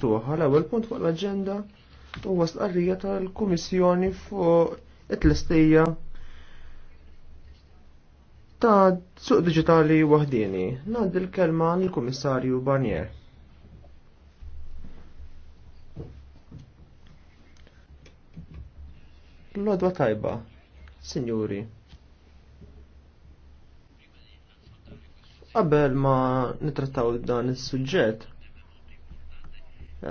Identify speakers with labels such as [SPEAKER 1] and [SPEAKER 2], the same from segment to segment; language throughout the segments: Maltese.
[SPEAKER 1] tuħa l-ewwel punt fuq l-aġenda huwa stqarrija tal-Kummissjoni fuq it-tlestija ta' suq diġitali waħdini. Ngħaddi l-kelma lill-Kummissarju Barnier. L-odwa tajba, sinjuri. Qabel ma nitrattaw dan is-suġġett,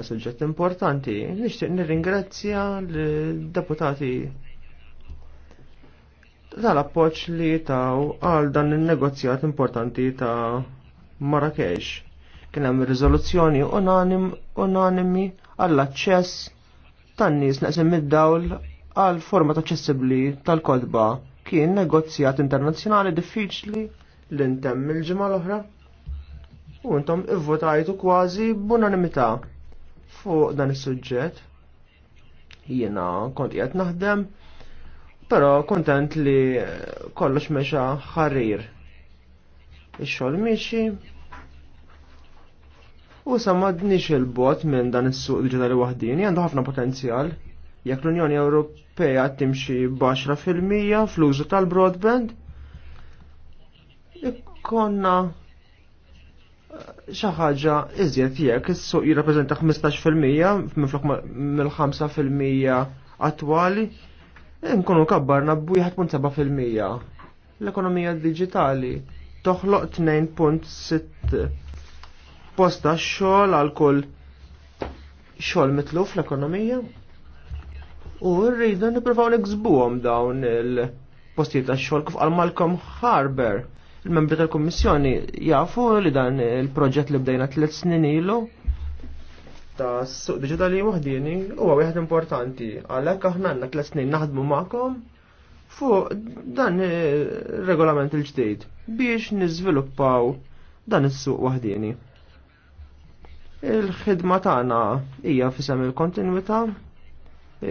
[SPEAKER 1] suġġett importanti. Nixtieq nirringrazzja l-deputati tal-appoġġ li taw għal dan il-negozjat importanti ta' Marrakesh. Kien hemm riżoluzzjoni unanimi għall-aċċess tan-nies naqsem mid-dawl għal format aċċessibbli tal-kodba. Kien negozjat internazzjonali diffiċli l ntemm il-ġimgħa l-oħra. U intom ivvotajtu kważi b'unanimità fuq dan is-suġġett. Jiena kont qiegħed naħdem, però kontent li kollox mexa ħarir. Ix-xogħol mixi. u sa m'għadniex il-bot minn dan is-suq diġitali waħdini għandu ħafna potenzjal. Jekk l-Unjoni Ewropea timxi baxra fil-mija fl-użu tal-broadband, ikkonna xaħġa ħaġa iżjed tiegħek, is-suq jirrappreżenta 15% minflok mill-5% attwali nkunu kabbarna b'1.7%. L-ekonomija digitali toħloq 2.6 posta xogħol għal kull xogħol mitluf fl-ekonomija. U rridu nippruvaw nikżbuhom dawn il-postijiet tax xogħol kif qal Malcolm Harber il-membri tal-Kommissjoni jafu li dan il-proġett li bdejna tliet snin ilu ta' suq digitali waħdini huwa wieħed importanti għalhekk aħna għandna tliet snin naħdmu magħkom fuq dan ir-regolament il ġdejt biex niżviluppaw dan is-suq waħdini. Il-ħidma tagħna hija fisem il-kontinwità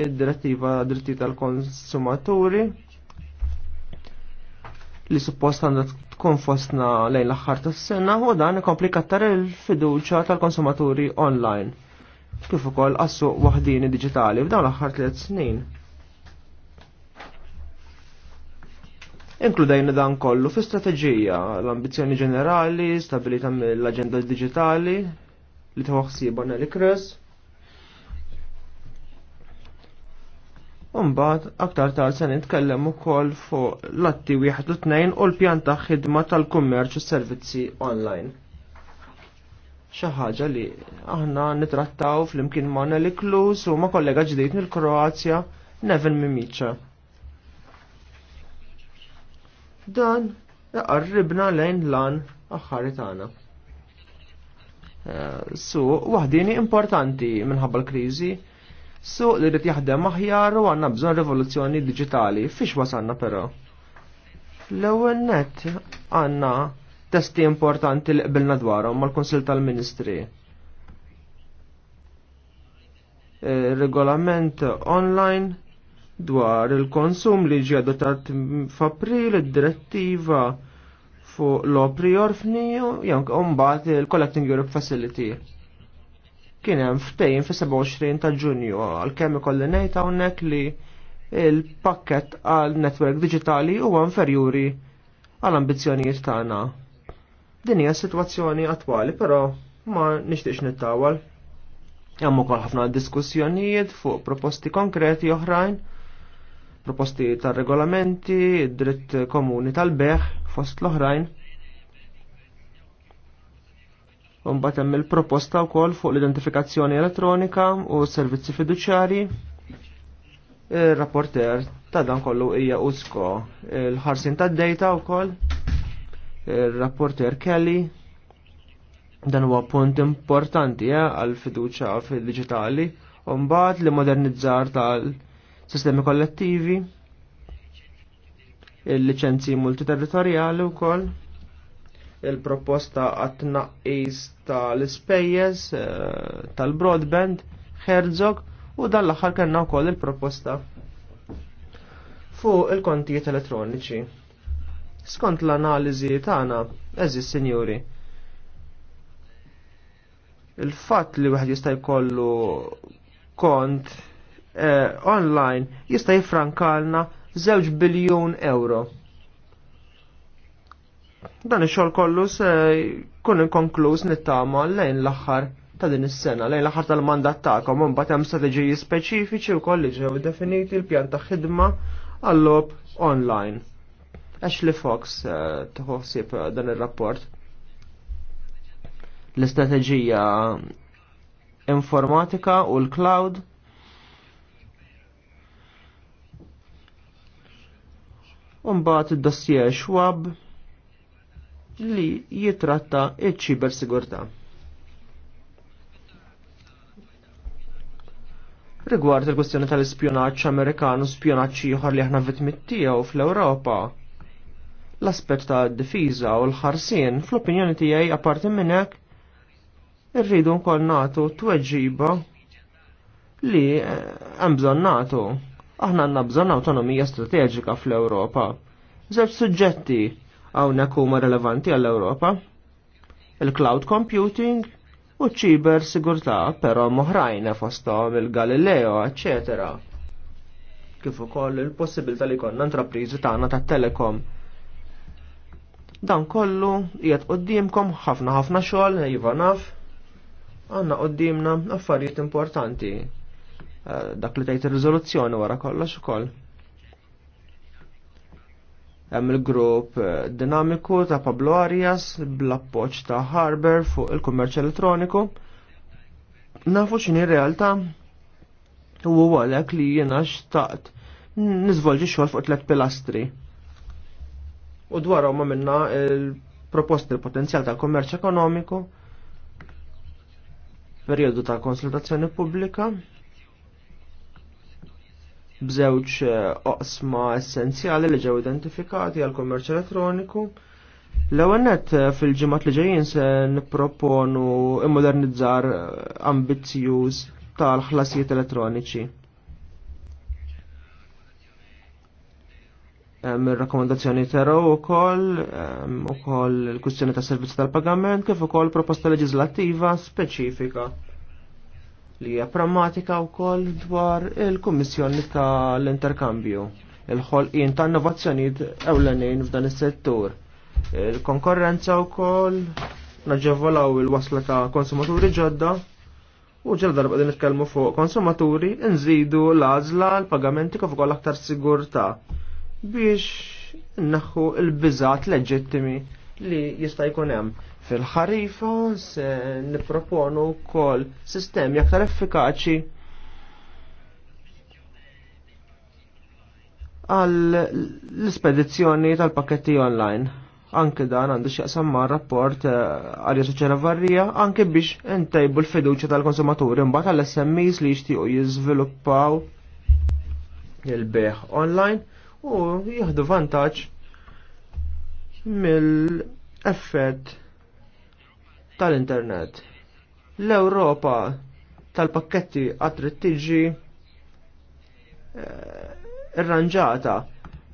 [SPEAKER 1] id-direttiva dritti tal-konsumaturi li suppost għandha tkun fostna lejn l-aħħar tas-sena u dan ikompli kattar il-fiduċja tal-konsumaturi online. Kif ukoll qassu waħdini diġitali f'dawn l-aħħar tliet snin. Inkludajna dan kollu fi strateġija, l ambizzjoni ġenerali, stabilita mill aġenda digitali, li tħuħsibu li kres. Umbad, aktar tard se nitkellem ukoll fuq l-atti wieħed u tnejn u l-pjan ta' ħidma tal-kummerċ u servizzi online. Xi ħaġa li aħna nitrattaw flimkien ma' Nelly Klus u ma' kollega ġdid mill-Kroazja, Neven Mimiċa. Dan qarribna lejn lan aħħari tagħna. Eh, su, waħdini importanti minħabba l-kriżi, suq li rrit jaħdem aħjar u għandna bżonn rivoluzzjoni diġitali. Fiex wasanna però? L-ewwel net għandna testi importanti li qbilna dwarhom mal konsil tal-Ministri. E, regolament online dwar il-konsum li ġi adottat f'April id-direttiva fuq l-opri orfni u jank il-Collecting Europe Facility kien hemm ftejn fis-27 ta' Ġunju għalkemm ikolli ngħid hawnhekk li il-pakket għal netwerk digitali huwa inferjuri għal ambizzjonijiet tagħna. Din hija s-sitwazzjoni attwali, però ma nixtiex nittawal. Hemm ukoll ħafna diskussjonijiet fuq proposti konkreti oħrajn, proposti tar-regolamenti, id-dritt komuni tal-beħ fost l-oħrajn Mbagħad hemm il-proposta wkoll fuq l-identifikazzjoni elettronika u s-servizzi fiduċjarji. Ir-rapporter ta' dan kollu hija Usko il-ħarsin tad-data wkoll. Ir-rapporter Kelly dan huwa punt importanti eh, għal fiduċja fil-diġitali u mbagħad li modernizzar tal-sistemi kollettivi il-liċenzji multiterritorjali wkoll il-proposta għat-tnaqqis tal-spejjes eh, tal-broadband Herzog u dan l-aħħar kellna wkoll il-proposta fuq il-kontijiet elettroniċi. Skont l-analiżi tagħna, eżis sinjuri, il-fatt li wieħed jista' jkollu kont eh, online jista' jifrankalna 2 biljun euro Dan ix-xogħol kollu se jkun inkonkluż nittama lejn l-aħħar ta' din is-sena lejn l-aħħar tal-mandat tagħkom imbagħad hemm strateġiji speċifiċi wkoll li ġew definiti l-pjan ta' ħidma għall-lob online. Ashley Fox eh, tħossib eh, dan ir-rapport. L-istrateġija informatika u l-cloud Umbat id-dossier Schwab li jitratta iċ-ċiber sigurtà. Rigward il-kwestjoni tal-ispjonaġġ Amerikanu u spjonaġġ ieħor li aħna vittmit tiegħu fl-Ewropa, l-aspett ta' difiża u l-ħarsien fl-opinjoni tiegħi apparti minn hekk irridu nkoll nagħtu tweġiba li eh, hemm bżonn nagħtu. Aħna għandna bżonn awtonomija strateġika fl-Ewropa. Żewġ suġġetti hawnhekk huma relevanti għall-Ewropa. Il-cloud computing u ċiber sigurtà però moħrajna fosthom il-Galileo, eċetera. Kif ukoll il-possibilità li konna intrapriżi tagħna tat-telekom dan kollu qiegħed qoddimkom ħafna ħafna xogħol iva naf għandna qoddimna affarijiet importanti eh, dak li tgħid ir-riżoluzzjoni wara kollox ukoll hemm il-grupp eh, dinamiku ta' Pablo Arias bl-appoġġ ta' Harber fuq il-kummerċ elettroniku. Nafu x'inhi realtà u għalhekk li jiena xtaqt niżvolġi xogħol fuq tliet pilastri. U dwarhom ma minna il-proposti il potenzjal tal-kummerċ ekonomiku, perjodu ta' konsultazzjoni pubblika, b'żewġ eh, oqsma essenzjali li ġew identifikati għal kummerċ elettroniku. L-ewwel nett eh, fil-ġimgħat li ġejjin se nipproponu immodernizzar eh, ambizzjuż tal-ħlasijiet elettroniċi. Hemm ir-rakkomandazzjoni tero wkoll koll il kustjoni tas servizzi tal-pagament kif ukoll proposta leġislattiva speċifika li hija prammatika wkoll dwar il-Kummissjoni tal-Interkambju, il-ħolqien ta' innovazzjonijiet ewlenin f'dan is-settur. Il-konkorrenza wkoll naġevolaw il-wasla ta' konsumaturi ġodda u ġel darba din nitkellmu fuq konsumaturi nżidu l-għażla l-pagamenti kif ukoll aktar sigurtà biex naħħu il-biżat leġittimi li jista' jkun hemm. Fil-ħarifa se nipproponu wkoll sistemi aktar effikaċi għal l-ispedizzjoni tal-pakketti online. Anke dan għandu xieqsam ma' rapport eh, għal soċjala varrija anke biex intejbu l-fiduċa tal-konsumaturi mbagħad għall smis li jixtiequ jiżviluppaw il-beħ online u jieħdu vantaġġ mill-effett tal-internet. L-Europa tal-pakketti għat trittiġi eh, irranġata.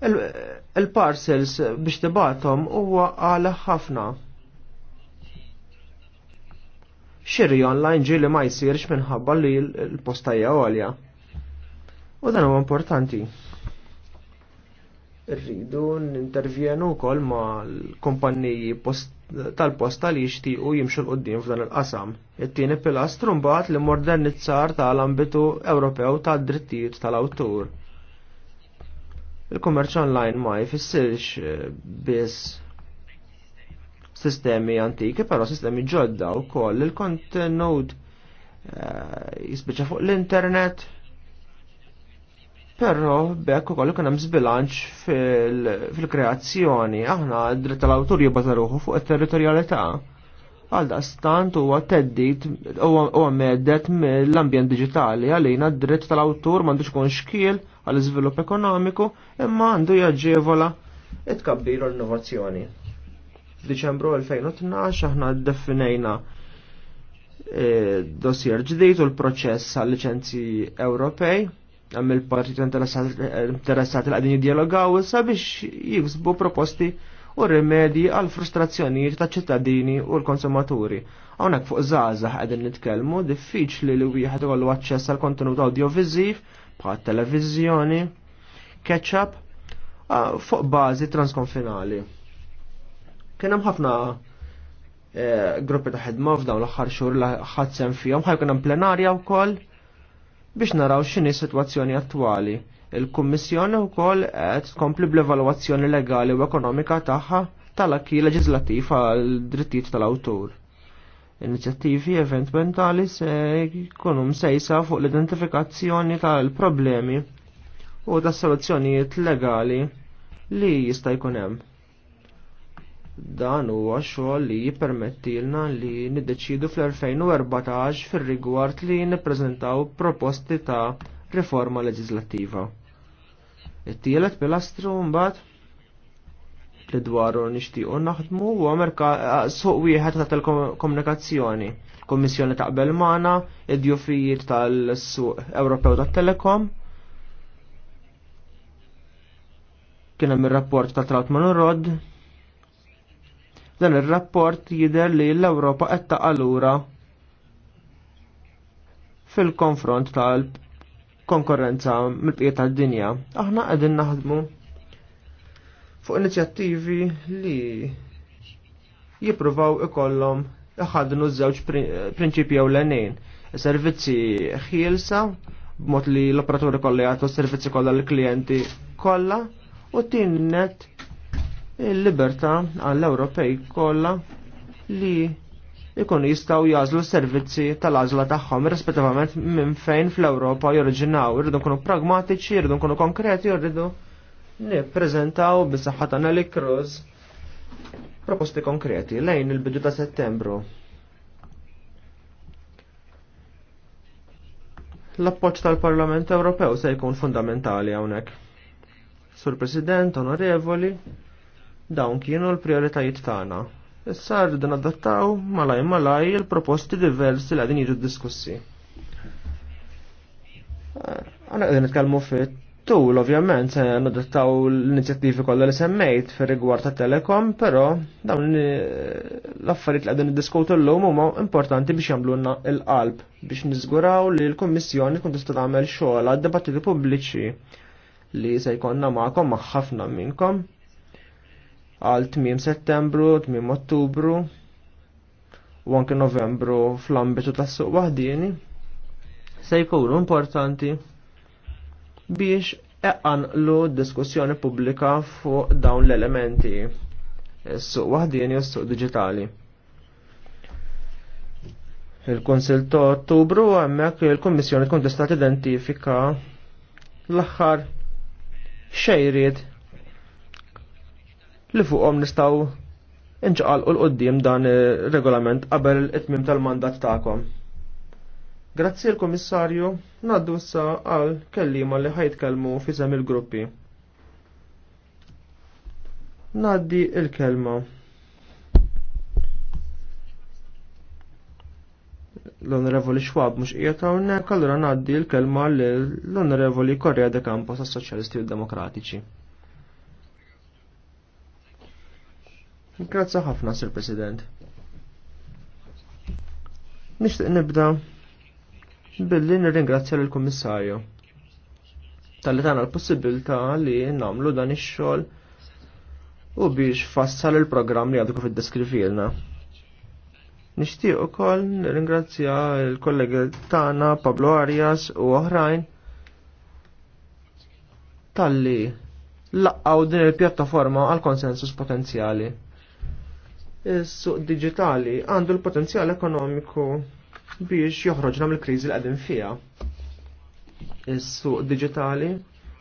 [SPEAKER 1] Il-parcels biex tibatom huwa għala ħafna. Xiri online ġi li ma jsirx minħabba li l-postajja għolja. U dan huwa importanti rridu n-intervjenu kol ma l-kumpanniji tal-posta li jixtiequ jimxu l-qoddim f'dan il-qasam. It-tieni pilastru mbagħad li modernizzar tal-ambitu Ewropew tad-drittijiet tal-awtur. il kommerċ online ma jfissirx eh, biss sistemi antiki, però sistemi ġodda u koll il-kontenut eh, jisbicċa fuq l-internet, Però bekk ukoll kien hemm żbilanċ fil-kreazzjoni, aħna dritt tal-awtur jibgħata ruħu fuq it-territorjalità. Għal daqstant huwa teddit huwa meddet mill-ambjent diġitali għalina d-dritt tal-awtur m'għandux ikun xkiel għall iżvilupp ekonomiku imma għandu jaġġevola it-kabbir u l-innovazzjoni. F'Diċembru 2012 aħna ddefinejna eh, dossier ġdid u l-proċess għal liċenzji Ewropej għamm il-partit interessati l-għadin jiddialogaw sabiex jiksbu proposti u rimedji għal frustrazzjonijiet ta' ċittadini u l-konsumaturi. Hawnhekk fuq żgħażagħ qegħdin nitkellmu diffiċli li wieħed ikollu aċċess għal kontenut awdjoviżiv bħat televiżjoni, ketchup fuq bażi transkonfinali. Kien hemm ħafna eh, gruppi ta' ħedma f'dawn l-aħħar xhur li ħadsem fihom ħajkun hemm plenarja wkoll biex naraw x'inhi s-sitwazzjoni attwali. Il-Kummissjoni wkoll qed tkompli bl-evalwazzjoni legali u ekonomika tagħha tal-akki leġislattiv għal drittijiet tal-awtur. Inizjattivi eventmentali se jkunu msejsa fuq l-identifikazzjoni tal-problemi u tas soluzzjonijiet legali li jista' jkun hemm. Dan huwa xogħol li jippermettilna li niddeċidu fl-2014 fir-rigward li nippreżentaw proposti ta' riforma leġislattiva. It-tielet pilastru mbagħad li dwaru nixtiequ naħdmu huwa suq wieħed ta' telekomunikazzjoni. Komissjoni taqbel Mana, id-djufijiet tal-suq Ewropew tat-Telekom, kien hemm ir-rapport ta' Trautman u Rod Dan ir-rapport jidher li l-Ewropa qed allura fil-konfront tal-konkurrenza mill bqiet tad-dinja. Aħna qegħdin naħdmu fuq inizjattivi li jippruvaw ikollhom iħadnu żewġ prinċipji ewlenin. Servizzi ħielsa b'mod li l-operaturi kollha jagħtu s servizzi kollha l-klijenti kollha u tinnet il-libertà għall-Ewropej kollha li ikunu jistaw jazlu servizzi tal-għażla tagħhom rispettivament minn fejn fl-Ewropa joriġinaw Irridu nkunu pragmatiċi, irridu nkunu konkreti, irridu nippreżentaw bis-saħħa tagħna Cruz proposti konkreti lejn il-bidu ta' settembru. L-appoġġ tal-Parlament Ewropew se jkun fundamentali hawnhekk. Sur President, onorevoli, Dawn kienu l-prioritajiet tagħna. Issa rridu nadattaw malaj malaj il-proposti diversi li għadin jiġu diskussi. Għana għedin nitkellmu fit tul ovvjament se nadattaw l-inizjattivi kollha li semmejt fir rigward ta' telekom, però dawn l-affarijiet li qegħdin niddiskutu llum huma importanti biex jagħmlulna l-qalb biex niżguraw li l-Kummissjoni tkun tista' tagħmel xogħol għad-dibattiti pubbliċi li se jkollna magħkom ma' ħafna minnkom għal tmiem settembru, tmiem ottubru u anke novembru fl-ambitu tas-suq wahdini se jkunu importanti biex lu diskussjoni pubblika fuq dawn l-elementi s suq wahdini u s-suq digitali. Il-Konsil ta' Ottubru hemmhekk il-Kummissjoni kontestat tista' tidentifika l-aħħar xejrit li fuqhom nistgħu u l-qoddim dan regolament qabel it-tmim tal-mandat ta'kom. Grazzi l-Komissarju, naddu issa għal kellima li ħajtkellmu fi il-gruppi. Naddi il-kelma. l-Onorevoli Schwab mux qiegħed hawnhekk, allura ngħaddi l-kelma lill-Onorevoli Korrea de Campos għas-Soċjalisti u Demokratiċi. Grazzi ħafna, Sir President. Nixtieq nibda billi nirringrazzja lill kummissarju tal-li tagħna l-possibilità li nagħmlu dan ix-xogħol u biex fassal il-programm li għadu fid iddeskrivilna. Nixtieq ukoll nirringrazzja l-kollegi tagħna Pablo Arias u oħrajn tal-li laqqaw din il-pjattaforma għal konsensus potenzjali is-suq digitali għandu l-potenzjal ekonomiku biex joħroġna mill-kriżi li qegħdin fiha. Is-suq digitali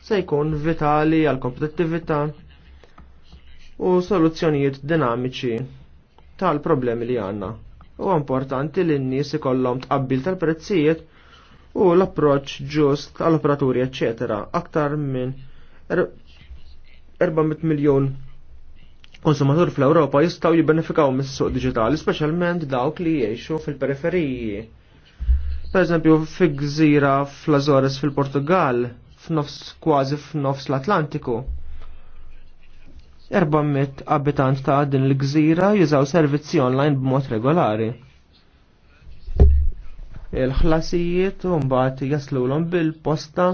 [SPEAKER 1] se jkun vitali għal kompetittività u soluzzjonijiet dinamiċi tal-problemi li għandna. U importanti li n-nies ikollhom tqabbil tal-prezzijiet u l approċċ ġust għall operaturi eċċetera. aktar minn 400 er- miljon konsumatur fl-Ewropa jistgħu jibbenefikaw mis-suq digitali speċjalment dawk li jgħixu fil-periferiji. Pereżempju fi gżira fl-Azores fil-Portugal, f'nofs kważi f'nofs l-Atlantiku. 400 abitant ta' din l-gżira jużaw servizzi online b'mod regolari. Il-ħlasijiet u mbagħad jaslulhom bil-posta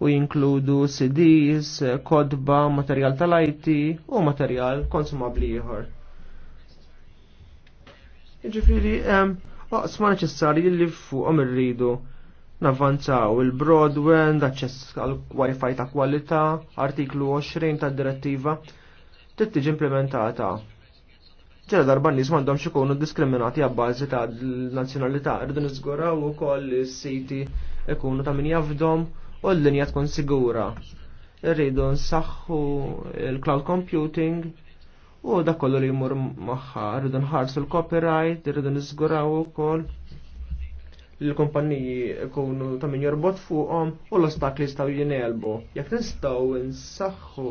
[SPEAKER 1] u jinkludu CDs, kodba, materjal tal-IT u materjal konsumabli ieħor. Iġifiri, għasma neċessarji li fuqhom irridu navvanzaw il-broadband, aċċess għal wifi ta' kwalità, artiklu 20 tad direttiva tittiġi implementata. Ġera darba nis m'għandhomx ikunu diskriminati għabbażi ta' nazzjonalità, irridu niżguraw ukoll is-siti ikunu ta' min jafdom u l-linja tkun sigura. Irridu nsaħħu il-cloud computing u da kollu li jmur maħħa, Irridu nħarsu l-copyright, irridu nizguraw u koll l-kumpanniji kunu ta' min jorbot fuqhom u l-ostakli jistgħu jinelbu. Jekk nistgħu nsaħħu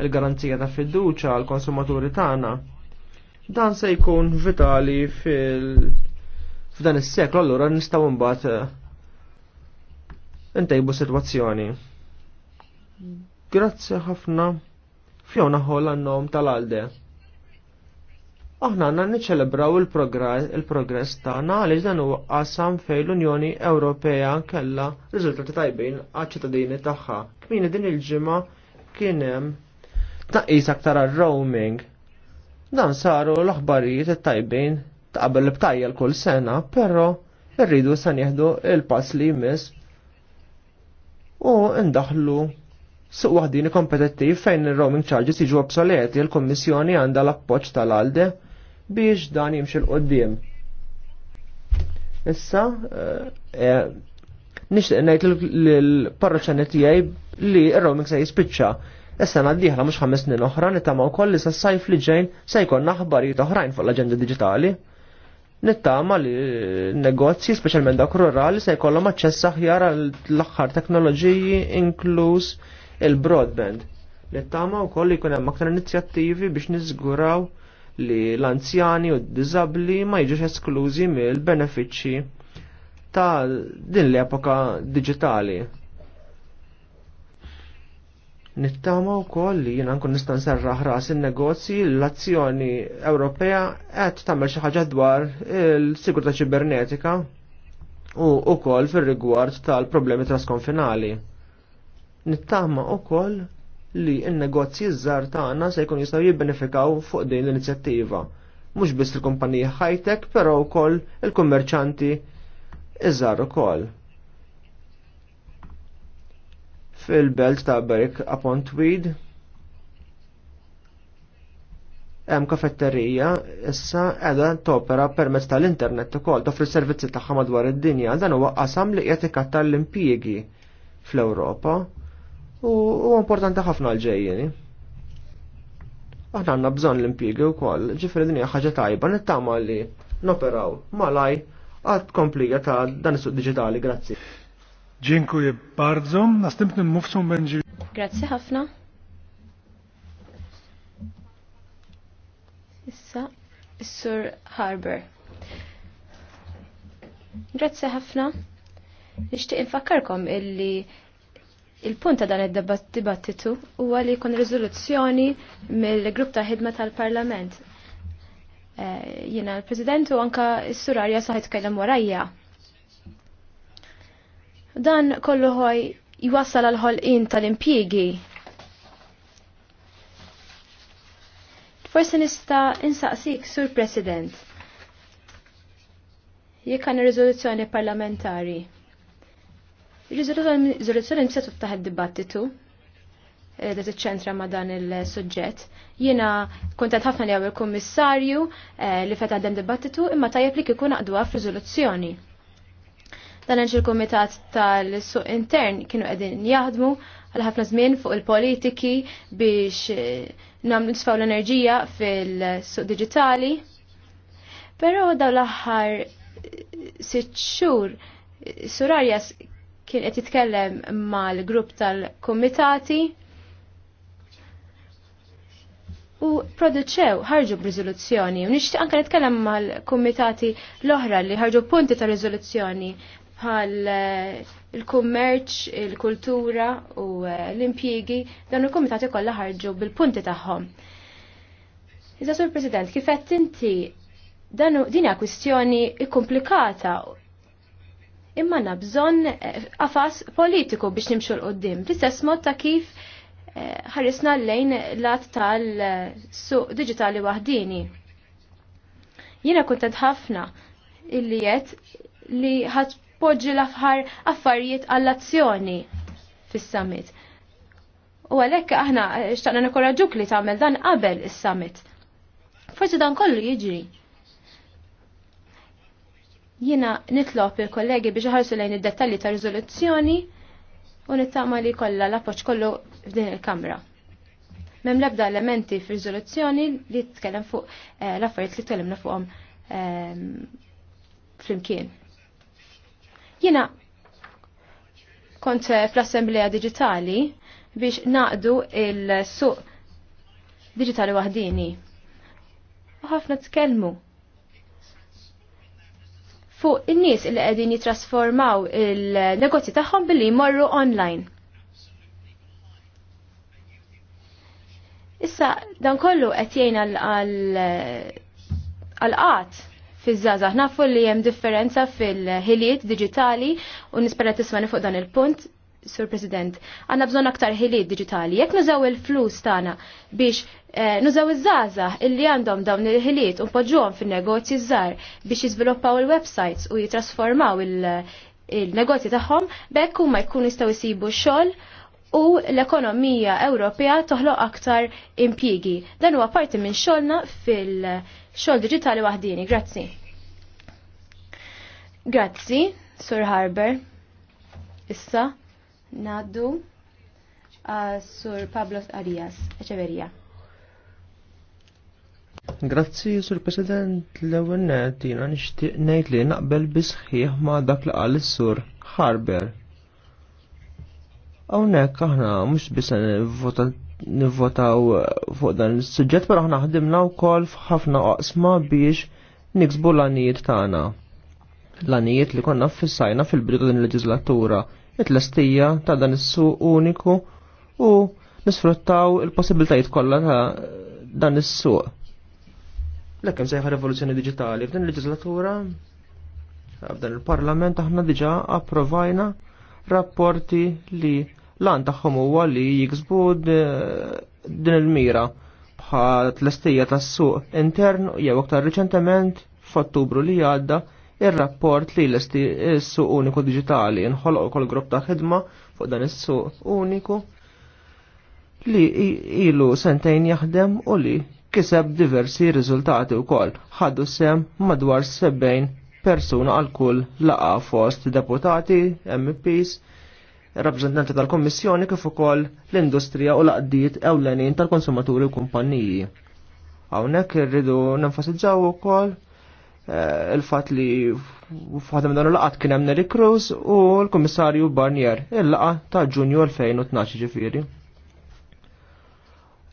[SPEAKER 1] il-garanzija ta' fiduċa għal konsumaturi tagħna, dan se jkun vitali fil f'dan is-seklu allura nistgħu mbagħad eh, ntejbu situazzjoni. Grazzi ħafna fjona ħol għannom tal alde Aħna għanna niċċelebraw il-progress tagħna għaliex dan huwa għasam fejn l-Unjoni Ewropea kellha riżultati tajbin għaċ-ċittadini tagħha. Kmini din il-ġimgħa kien hemm taqis aktar roaming. Dan saru l-aħbarijiet tajbin tajbin taqbel l-btajja l-kull sena, però rridu san nieħdu il-pass li jmiss u ndaħlu suq waħdini kompetittiv fejn il-roaming charges jiġu obsoleti l-Kommissjoni għandha l-appoġġ tal-ALDE biex dan jimxil qoddim. Issa, eh, eh, nixtieq ngħid lill-parroċċani tiegħi li r-roaming se jispiċċa. Issa ngħaddiħla mhux ħames snin oħra nitama' wkoll li sa sajf li ġejn se jkollna aħbarijiet oħrajn fuq l-aġenda diġitali nittama li negozji, specialment dak rurali, se jkollhom aċċess aħjar għall-aħħar teknoloġiji inkluż il-broadband. Nittama wkoll jkun hemm aktar inizjattivi biex niżguraw li l-anzjani u d-diżabbli ma jiġux esklużi mill-benefiċċji ta' din l-epoka digitali. Nittama u koll li jina nkun nistan serraħ ras il-negozji l-azzjoni Ewropea għed tamel xaħġa dwar il-sigurta ċibernetika u u koll fil-rigward tal-problemi trasconfinali. Nittama u koll li il-negozji zzar tagħna se jkun jistgħu jibbenefikaw fuq din l-inizjattiva. Mhux biss il kumpanija high-tech, però wkoll il-kummerċanti u ukoll. fil-belt ta' Berk upon Tweed. Hemm kafetterija issa qiegħda topera permezz tal-internet ukoll toffri servizzi tagħha madwar id-dinja dan huwa qasam li qiegħed ikattar l-impjiegi fl-Ewropa u huwa importanti ħafna l-ġejjeni. Aħna għandna bżonn l-impjiegi wkoll, ġifieri din hija ħaġa tajba nittama li noperaw malaj għad komplija ta' dan is-suq diġitali, grazzi. Dziękuję bardzo. Następnym mówcą będzie...
[SPEAKER 2] Grazie, Hafna. Issa, Sir Harbour. Grazie ħafna. Nixtieq infakkarkom illi il-punta dan id-dibattitu huwa li jkun riżoluzzjoni mill-grupp ta' ħidma tal-Parlament. Eh, Jiena l-President u anka s-surarja saħet kellem warajja. Dan kollu ħoj jwassal għal ħolqien tal-impjiegi. Forsi nista' insaqsik, Sur President, jekk għandna riżoluzzjoni parlamentari. Riżoluzzjoni nista tuttaħ id-dibattitu eh, li tiċċentra ma' dan il-suġġett. Jiena kontent ħafna li għaw il-kummissarju eh, li feta għandem dibattitu imma tajjeb li kikun għadwa f'riżoluzzjoni. Dan għanx il-Komitat tal-Suq Intern kienu qegħdin jaħdmu għal ħafna żmien fuq il-politiki biex eh, nagħmlu nisfaw l-enerġija fil-suq digitali. Però daw l-aħħar eh, sitt xhur eh, Surarjas kien qed jitkellem mal-grupp tal-Komitati u produċew ħarġu b'riżoluzzjoni u nixtieq anke nitkellem mal-kumitati l-oħra li ħarġu punti ta' riżoluzzjoni bħal eh, il-kummerċ, il-kultura u eh, l-impjiegi dawn il-komitati kollha ħarġu bil-punti tagħhom. Iżda sur President, kif qed inti dan din hija kwistjoni komplikata imma għandna bżonn eh, qafas politiku biex nimxu l qoddim Fl-istess mod ta' kif ħarisna lejn lat tal-suq digitali waħdini. Jiena kontent ħafna illi jett li ħat poġġi l-afħar affarijiet għall-azzjoni fis-summit. U għalhekk aħna eh, xtaqna nikkoraġuk li tagħmel dan qabel is-summit. Forsi dan kollu jiġri. Jiena nitlob il-kollegi biex ħarsu lejn id-dettalji ta' riżoluzzjoni u nittama li kollha l-appoġġ kollu f'din il-kamra. Mem labda elementi f'riżoluzzjoni li tkellem fuq eh, l-affarijiet li tkellimna fuqhom ehm, flimkien. Jina kont eh, fl assemblea Digitali biex naqdu il-suq digitali wahdini. Ħafna tkellmu fuq in-nies li qegħdin jitrasformaw il-negozji tagħhom billi jmorru online. Issa dan kollu qed jgħin għal qatt fiż-żgħażagħ. Nafu li hemm differenza fil-ħiliet diġitali u nispera tisma' fuq dan il-punt. Sur President, għanna bżon aktar ħiliet digitali. Jekk nużaw il-flus tagħna biex eh, nużaw iż-żgħażagħ illi għandhom dawn il-ħiliet u poġġuhom fin-negozji żgħar biex jiżviluppaw il-websites u jitrasformaw il-negozji tagħhom bekk huma jkunu jistgħu jsibu xogħol u l-ekonomija Ewropea toħloq aktar impjigi. Dan huwa parti minn xogħolna fil-xogħol diġitali waħdini. Grazzi. Grazzi, Sur Harber. Issa ngħaddu Sur Pablo Arias, Eċeverija.
[SPEAKER 1] Grazzi, Sur President, l-ewwel nettina nixtieq ngħid li naqbel bisħiħ ma' dak li qal is-Sur Harber Hawnhekk aħna mhux biss nivvotaw fuq dan is-suġġett, però aħna ħdimna wkoll f'ħafna qosma biex niksbu l anijiet tagħna. l anijiet li konna fissajna fil-bidu din il-leġislatura, it-lestija ta' dan is-suq uniku u nisfruttaw il-possibiltajiet kollha ta' dan is-suq. Lekkem sejħa rivoluzzjoni digitali f'din il-leġislatura f'dan il-parlament aħna diġa approvajna rapporti li lan tagħhom huwa li jiksbu din il-mira bħal tlestija tas-suq intern jew aktar riċentement f'Ottubru li għadda ir-rapport li lesti s-suq uniku digitali nħoloq ukoll grupp ta' ħidma fuq dan is-suq uniku li ilu sentejn jaħdem u li kiseb diversi riżultati wkoll ħaddu sem madwar 70 persuna għal kull laqa fost deputati, MPs, rappresentanti tal-Kommissjoni kif ukoll l-industrija u l-qdiet ewlenin tal-konsumaturi u kumpanniji. Hawnhekk irridu nenfasizzaw ukoll eh, il-fatt li f'ħadem dan il-laqat kien hemm Nelly Cruz u l-Kummissarju Barnier il-laqa ta' Ġunju 2012 ġifieri.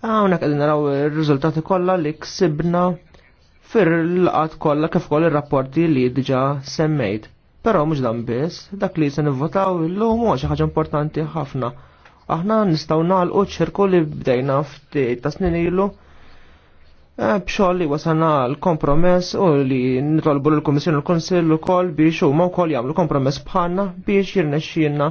[SPEAKER 1] Hawnhekk qegħdin naraw ir-riżultati kollha li ksibna fir-laqat kollha kif ukoll ir-rapporti li diġà semmejt Però mhux dan biss, dak li se nivvotaw illum huwa xi ħaġa importanti ħafna. Aħna nistgħu nagħlqu ċirku li bdejna ftit ta' snin ilu e, b'xogħol li wasalna l-kompromess u li nitolbu l-Kummissjoni l-Kunsill ukoll biex huma wkoll jagħmlu kompromess bħalna biex jirnexxielna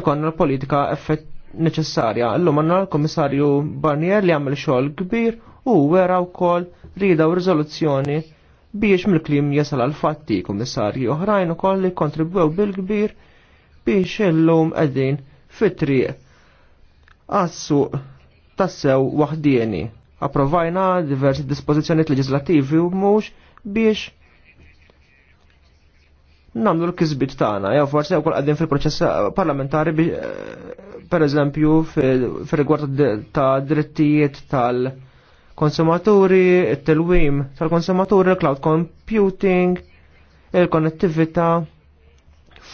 [SPEAKER 1] ikonna l-politika effett neċessarja. L-lum għandna l-Kummissarju Barnier li għamel xogħol kbir u wera wkoll rida u riżoluzzjoni biex mill-klim jasal għal-fatti kummissarji oħrajn u koll li kontribwew bil-kbir biex illum għedin fit-triq għassu tassew wahdieni. Approvajna diversi dispozizjoniet legislativi u mux biex namlu l-kizbit tagħna, jew forse wkoll qegħdin fil-proċess parlamentari per eh, pereżempju fil-rigward ta' drittijiet tal- konsumaturi, il tilwim tal-konsumaturi, cloud computing, il-konnettività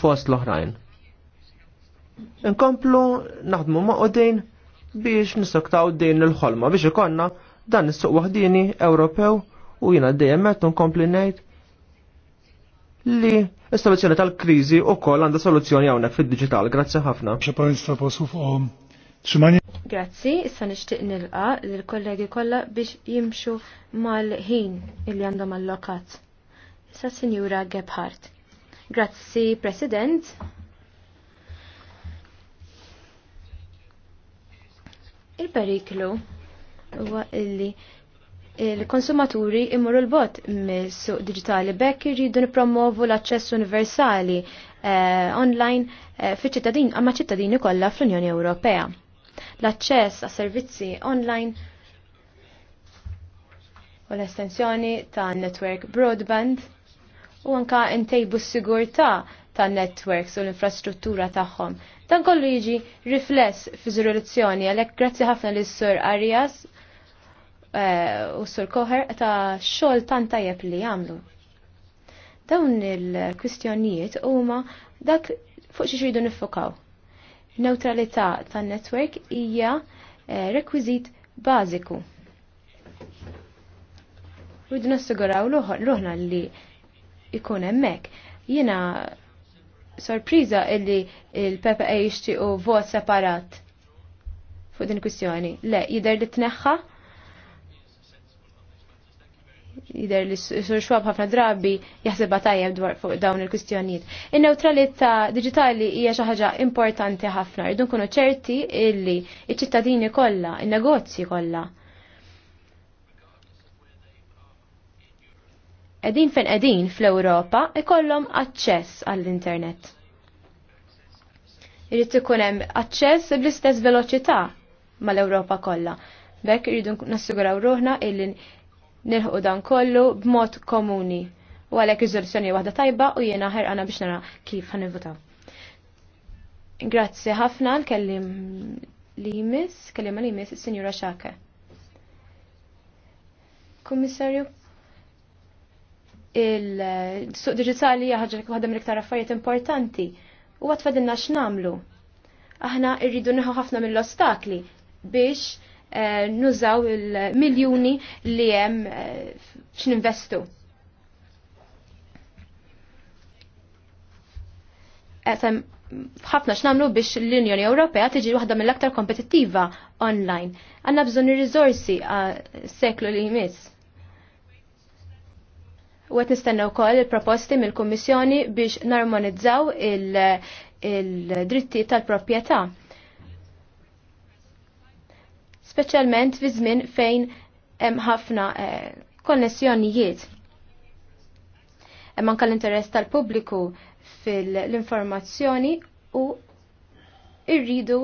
[SPEAKER 1] fost l-oħrajn. Inkomplu naħdmu maqodin biex nisoktaw din l-ħolma biex ikonna dan is-suq waħdini Ewropew u jiena dejjem qed nkompli ngħid li s-soluzzjoni tal-kriżi wkoll għandha soluzzjoni hawnhekk fid-diġital. Grazzi ħafna.
[SPEAKER 2] Grazzi, issa nixtieq nilqa lill-kollegi kollha biex jimxu mal-ħin illi għandhom allokat. Issa Sinjura Gebhardt. Grazzi, President. Il-periklu huwa illi il-konsumaturi immorru l-bot mis-suq digitali bekk irridu nipromovu l-aċċess universali eh, online eh, fi ċittadin għamma ċittadini kollha fl-Unjoni Ewropea l-aċċess għas servizzi online u l-estensjoni ta' network broadband u anka ntejbu s-sigurtà ta' networks u l-infrastruttura tagħhom. Dan kollu jiġi rifless fi riżoluzzjoni għalhekk grazzi ħafna lis sur Arias eh, u sur Koher ta' xogħol tant tajjeb li jagħmlu. Dawn il-kwistjonijiet huma dak fuq xi xridu nifokaw. Neutralità tan-netwerk hija eh, rekwiżit bażiku. Rridu nassiguraw ruħna li ikun hemmhekk. Jiena sorpriża illi il-PPA jixtiequ vot separat fuq din kwistjoni. Le, jidher li tneħħa jider li sur xwab ħafna drabi jaħseb tajjeb dwar fuq dawn il-kwistjonijiet. In-neutralità digitali hija xi ħaġa importanti ħafna, rridu nkunu ċerti illi iċ-ċittadini kollha, in-negozji kollha. Qegħdin fejn qegħdin fl-Ewropa ikollhom aċċess għall-internet. Irid ikun hemm aċċess bl-istess veloċità mal-Ewropa kollha. Bekk irridu nassiguraw ruħna illi nilħu dan kollu b'mod komuni. U għalhekk riżoluzzjoni waħda tajba u jiena ħerqana biex nara kif ħanivvutaw. Grazzi ħafna nkellim li jmiss, kellim li jmiss is-Sinjura Xaka. Kummissarju, il-suq digitali jaħġa waħda mill-iktar affarijiet importanti u għatfadilna x'namlu. Aħna rridu nieħu ħafna mill-ostakli biex Eh, nużaw il-miljuni li hemm eh, x'ninvestu. Għetem, eh, ħafna x'namlu biex l-Unjoni Ewropea tiġi waħda mill-aktar kompetittiva online. Għandna bżonn ir-riżorsi seklu li jmiss. U qed nistennew ukoll il-proposti mill-Kummissjoni biex narmonizzaw il-dritti tal-proprjetà. il dritti tal proprjetà il tal proprjetà speċjalment fi żmien fejn hemm ħafna eh, konnessjonijiet. Hemm anke l-interess tal-pubbliku fil-informazzjoni u irridu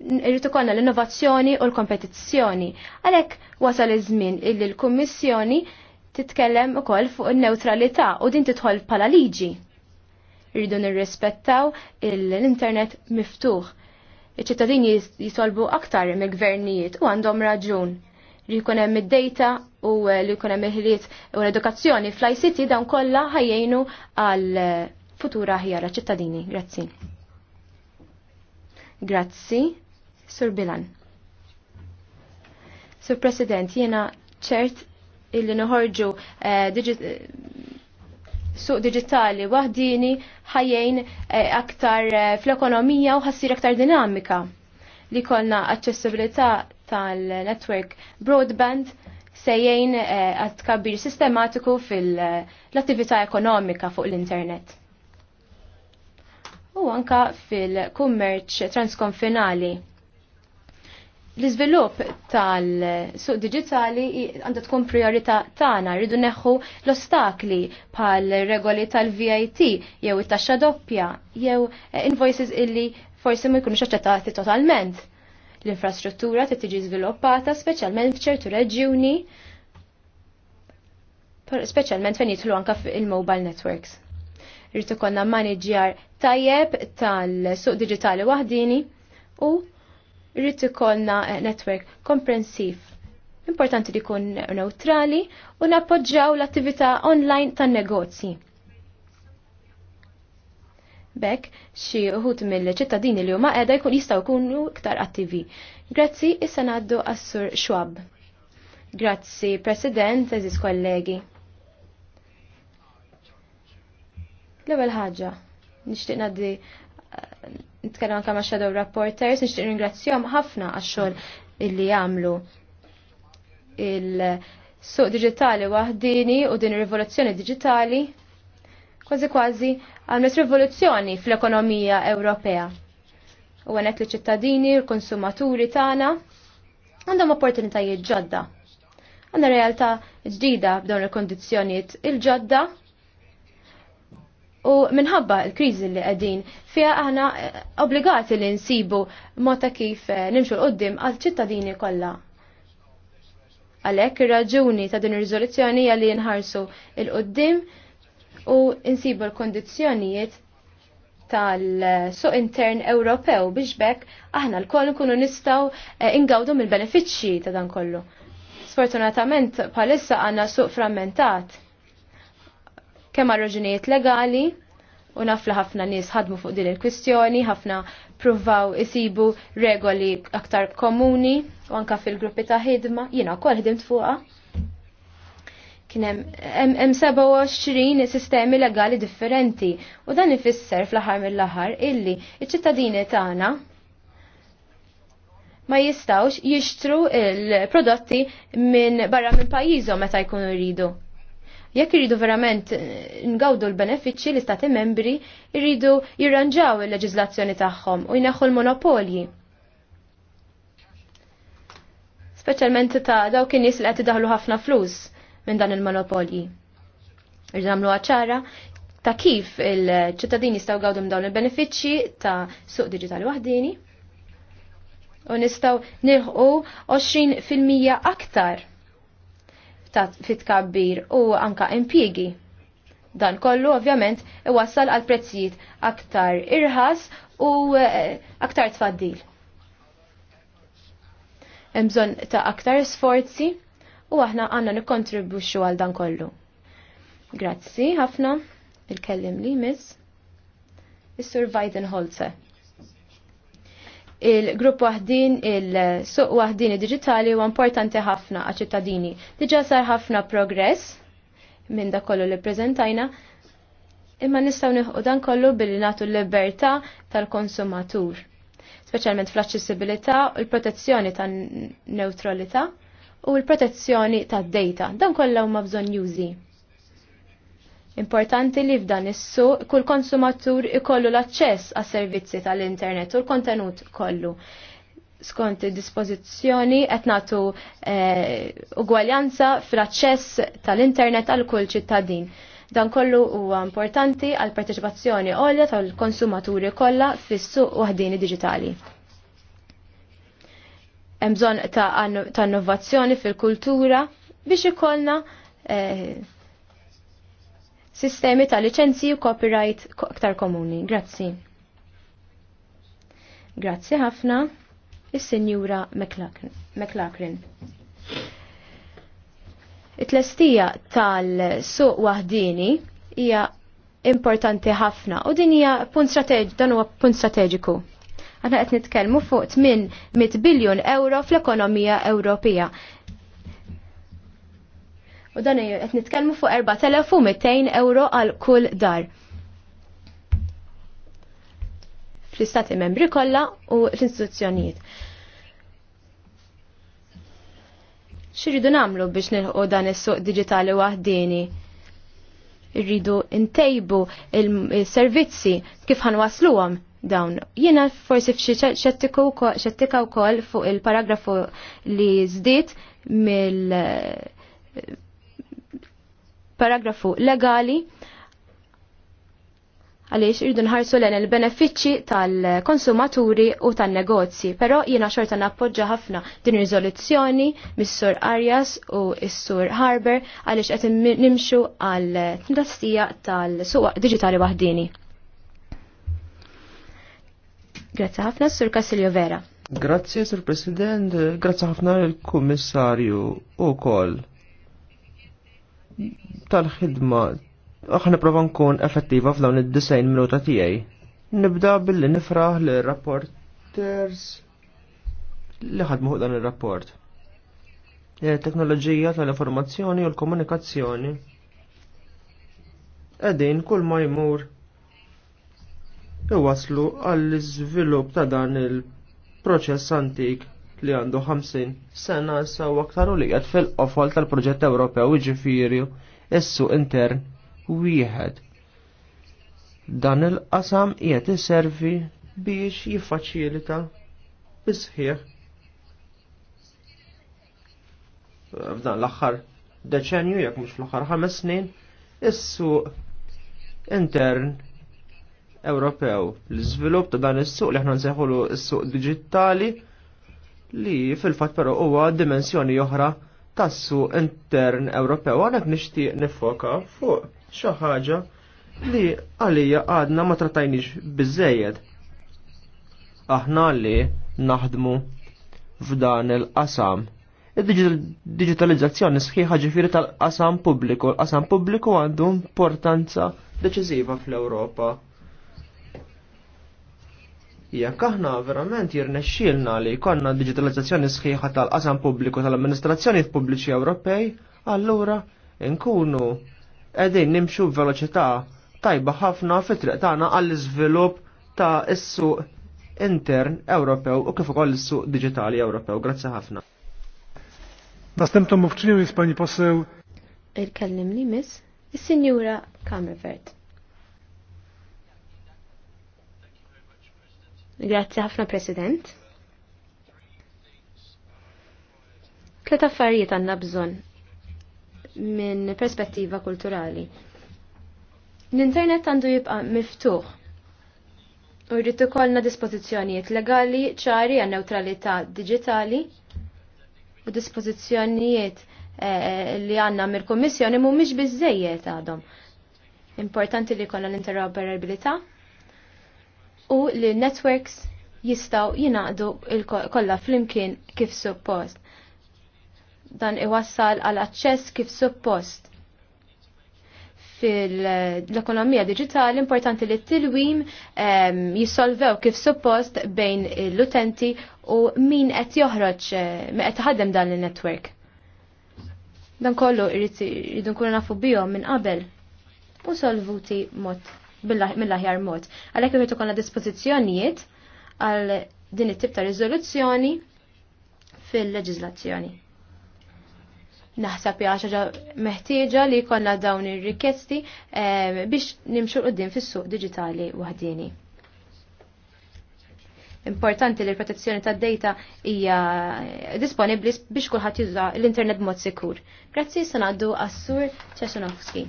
[SPEAKER 2] irritu konna l-innovazzjoni u l-kompetizzjoni. Għalek wasal iż-żmien illi l-Kummissjoni titkellem ukoll fuq in-neutralità u din titħol bħala liġi. Irridu nirrispettaw l-internet miftuħ iċ-ċittadini jisolbu aktar mill-gvernijiet u għandhom raġun li jkun hemm id dejta u eh, li jkun hemm iħliet u l-edukazzjoni fl City dawn kollha ħajjejnu għal eh, futura aħjar ċittadini. Grazzi. Grazzi, Sur Bilan. Sur President, jiena ċert illi noħorġu eh, suq digitali waħdini ħajjejn eh, aktar eh, fl-ekonomija u ħassir aktar dinamika li kolna accessibilità tal-network broadband sejjejn eh, għad kabbir sistematiku fil-attività ekonomika fuq l-internet. U anka fil-kummerċ transkonfinali l-iżvilupp tal-suq digitali għandha tkun priorità tagħna rridu neħħu l-ostakli pal regoli tal-VIT jew it-taxxa doppja jew eh, invoices illi forsi ma jkunux aċċettati totalment. L-infrastruttura trid tiġi żviluppata speċjalment f'ċertu reġjuni speċjalment fejn jidħlu anke il-mobile networks. Rrid ikollna maniġjar tajjeb tal-suq digitali waħdini u irrid ikollna eh, netwerk komprensiv. Importanti li jkun neutrali u nappoġġjaw l-attività online tan-negozji. Bek, xi uħut mill-ċittadini li huma qiegħda jkun jistgħu jkunu iktar attivi. Grazzi, issa ngħaddu għas-Sur Schwab. Grazzi, President, eżis kollegi. L-ewwel ħaġa, nixtieq ngħaddi nitkellem anke ma' Shadow Reporters, nixtieq ringrazzjahom ħafna għax-xogħol illi jagħmlu il-suq diġitali waħdini u din ir-rivoluzzjoni diġitali. kważi kważi għamlet rivoluzzjoni fl-ekonomija Ewropea. U għanet li ċittadini, l-konsumaturi tagħna għandhom opportunitajiet ġodda. Għandha realtà ġdida b'dawn il-kondizzjonijiet il-ġodda il il kondizzjonijiet il ġodda U minħabba l-kriżi li qegħdin fiha aħna eh, obbligati li nsibu mod ta' kif eh, nimxu l-qoddim għal ċittadini kollha. Għalhekk ir-raġuni ta' din ir-riżoluzzjoni hija li nħarsu l-qoddim u nsibu l-kondizzjonijiet tal-suq intern Ewropew biex bekk aħna l-koll nkunu nistaw eh, ingawdu mill-benefiċċji ta' dan kollu. Sfortunatament palissa għanna suq frammentat kemm għal raġunijiet legali u nafla ħafna nies ħadmu fuq din il-kwistjoni, ħafna pruvaw isibu regoli aktar komuni u anka fil-gruppi ta' ħidma, jiena wkoll ħdimt fuqha. Kien hemm 27 sistemi legali differenti u dan ifisser fl-aħħar mill-aħħar illi iċ-ċittadini tagħna ma jistawx jixtru il-prodotti minn barra minn pajjiżhom meta jkunu jridu. Jekk iridu verament ngawdu l-benefiċċji li stati membri jridu jirranġaw il leġizlazzjoni tagħhom u jneħħu l-monopolji. Speċjalment ta' dawk in-nies li qed idaħlu ħafna flus minn dan il-monopolji. Irridu nagħmlu ċara ta' kif il-ċittadini jistgħu gawdu dawn il-benefiċċji ta' suq diġitali waħdini u nistgħu nilħqu 20% aktar fit tkabbir u anka impjiegi. Dan kollu ovvjament iwassal għal prezzijiet aktar irħas u eh, aktar tfaddil. Hemm bżonn ta' aktar sforzi u aħna għandna nikkontribwixxu għal dan kollu. Grazzi ħafna il-kellim li miss. Is-Sur Weidenholzer il-grupp waħdin, il-suq waħdin il-digitali u importanti ħafna għal-ċittadini. Diġa sar ħafna progress minn da kollu li prezentajna, imma nistaw nieħu dan kollu billi natu l-libertà tal-konsumatur, speċjalment fl-aċċessibilità u l-protezzjoni tan-neutralità u l-protezzjoni tad-data. Dan kollha huma bżonn jużi. Importanti li f'dan is-suq kull konsumatur ikollu l-aċċess għas servizzi tal-internet u l-kontenut kollu. Skont dispożizzjoni qed nagħtu eh, ugwaljanza fl-aċċess tal-internet għal kull ċittadin. Dan kollu huwa importanti għal parteċipazzjoni għolja tal-konsumaturi kollha fis-suq waħdini diġitali. Hemm bżonn ta', ta innovazzjoni fil-kultura biex ikollna eh, sistemi ta' licenzi u copyright aktar komuni. Grazzi. Grazzi ħafna is-Sinjura McLachlan. it lestija tal-suq wahdini hija importanti ħafna u din hija punt strateġiku dan huwa punt strateġiku. Aħna qed nitkellmu fuq 800 biljun euro fl-ekonomija Ewropea. U dan qed nitkellmu fuq 4200 euro għal kull dar. Fl-istati membri kollha u l-istituzzjonijiet. Xiridu namlu biex nilħu dan is-suq diġitali waħdini? Irridu ntejbu il-servizzi kif ħanwasluhom dawn. Jiena forsi f'xi xettika wkoll fuq il-paragrafu li żdiet mill paragrafu legali għaliex irridu nħarsu l il-benefiċċji tal-konsumaturi u tan-negozji, però jiena xorta nappoġġa ħafna din riżoluzzjoni mis-Sur Arias u s-Sur Harber għaliex qed nimxu għal tnastija tal-suq diġitali waħdini. Grazzi ħafna Sur Kassiljo Vera.
[SPEAKER 1] Grazzi Sur President, grazzi ħafna l-Kummissarju u koll tal-ħidma aħna prova nkun effettiva f'dawn id-90 minuta tiegħi. Nibda billi nifraħ l rapporters li ħadmu fuq dan ir-rapport. E, teknoloġija tal-informazzjoni u l-komunikazzjoni qegħdin kull ma jmur iwaslu għall-iżvilupp ta' dan il-proċess antik li għandu 50 sena issa u aktar u li għed fil-qofol tal-proġett Ewropew jiġifieri issu intern wieħed. Dan il-qasam qiegħed iservi biex jiffaċilita bisħieħ. F'dan l-aħħar deċenju jekk mhux fl-aħħar ħames snin, is-suq intern Ewropew. L-iżvilupp ta' dan is-suq li ħna nsejħulu s-suq diġitali li fil-fat però huwa dimensjoni oħra tassu intern Ewropew għalhekk nixtieq nifoka fuq xi ħaġa li għalija għadna ma trattajniex bizzejed. Aħna li naħdmu f'dan il-qasam. il digitalizzazzjoni sħiħa ġifiri tal-qasam pubbliku. L-qasam pubbliku għandu importanza deċiżiva fl-Ewropa. Jekk aħna verament jirnexxielna li jkollna digitalizzazzjoni sħiħa tal-qasam pubbliku tal-amministrazzjoni pubbliċi Ewropej, allura nkunu qegħdin nimxu veloċità tajba ħafna fit-triq tagħna għall-iżvilupp ta' is-suq intern Ewropew u kif ukoll is-suq diġitali Ewropew. Grazzi ħafna.
[SPEAKER 3] Nastemtom mówczynią jispani posew. poseł.
[SPEAKER 1] Il-kellim li miss,
[SPEAKER 2] is-Sinjura Kamervert. Grazzi ħafna President. Tlet affarijiet għandna bżonn minn perspettiva kulturali. L-internet għandu jibqa' miftuħ u jrid ikollna dispożizzjonijiet legali ċari għan neutralità diġitali, u dispożizzjonijiet eh, li għandna mill-Kummissjoni mhumiex biżejjed għadhom. Importanti li jkollna l-interoperabilità u li networks jistaw jinaqdu kollha flimkien kif suppost. Dan iwassal għal aċċess kif suppost. Fil-ekonomija digitali importanti li t-tilwim ehm, jissolvew kif suppost bejn l-utenti u min qed joħroġ eh, qed ħaddem dan il-network. Dan kollu irridu nkunu nafu bihom minn qabel u solvuti mod mill-aħjar mod. Għalhekk irid ikollna dispozizjonijiet għal din it-tip ta' riżoluzzjoni fil-leġiżlazzjoni. Naħseb hija ġa meħtieġa li jkollna dawn ir-rikesti eh, biex nimxu qudiem fis-suq digitali waħdini importanti li l-protezzjoni ta' data hija disponibbli biex kulħadd juża l-internet b'mod sikur. Grazzi sanaddu għassur sur Ċesunowski.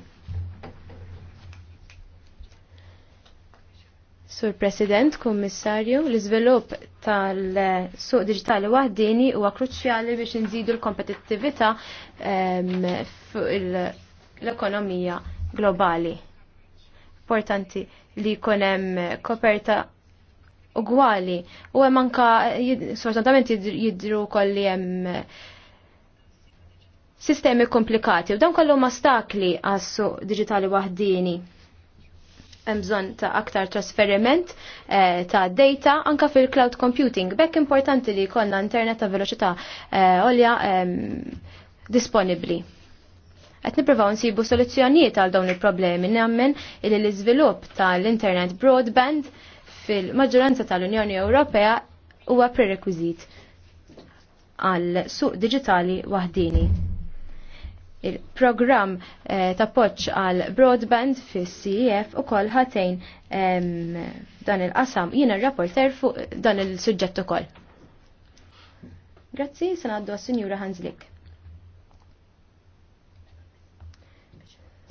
[SPEAKER 2] Sur President, Kummissarju, l-iżvilupp tal-suq digitali waħdini huwa kruċjali biex nżidu l-kompetittività l-ekonomija globali. Importanti li jkun hemm koperta ugwali u hemm anka sortantament jidru kolli hemm sistemi komplikati u dan kollu mastakli għas-suq digitali waħdini hemm bżonn ta' aktar trasferiment eh, ta' data anka fil-cloud computing. Bekk importanti li jkollna internet ta' veloċità eh, olja disponibli. Ehm, disponibbli. Qed nippruvaw nsibu soluzzjonijiet għal dawn il-problemi nemmen li l-iżvilupp tal-internet broadband fil-maġġoranza tal-Unjoni Ewropea huwa prerekwiżit għal suq digitali waħdini il-programm eh, ta' poċ għal broadband fis cef u kol ħatejn dan il-qasam jiena rapporter fuq dan il-suġġett ukoll. Grazzi, sanaddu għas-Sinjura Hanzlik.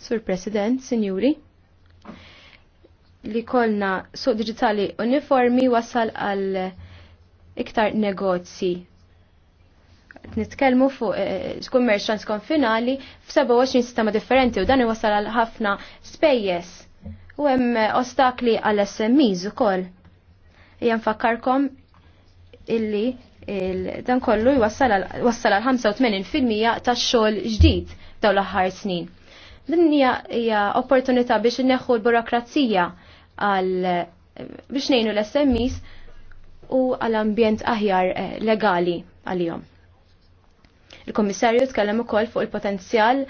[SPEAKER 2] Sur President, Sinjuri, li kolna suq digitali uniformi wasal għal iktar negozji nitkellmu fuq eh, konfinali f-27 sistema differenti u dan iwassal għal ħafna spejjeż u hemm eh, ostakli għal SMEs ukoll. Hija nfakkarkom illi dan kollu jwassal għal 85% tax-xogħol ġdid daw l-aħħar snin. Din hija opportunità biex inneħħu l-burokrazija għal eh, biex ngħinu l-SMEs u għal ambjent aħjar legali għal-jom. Il-Komissarju tkellem ukoll fuq il-potenzjal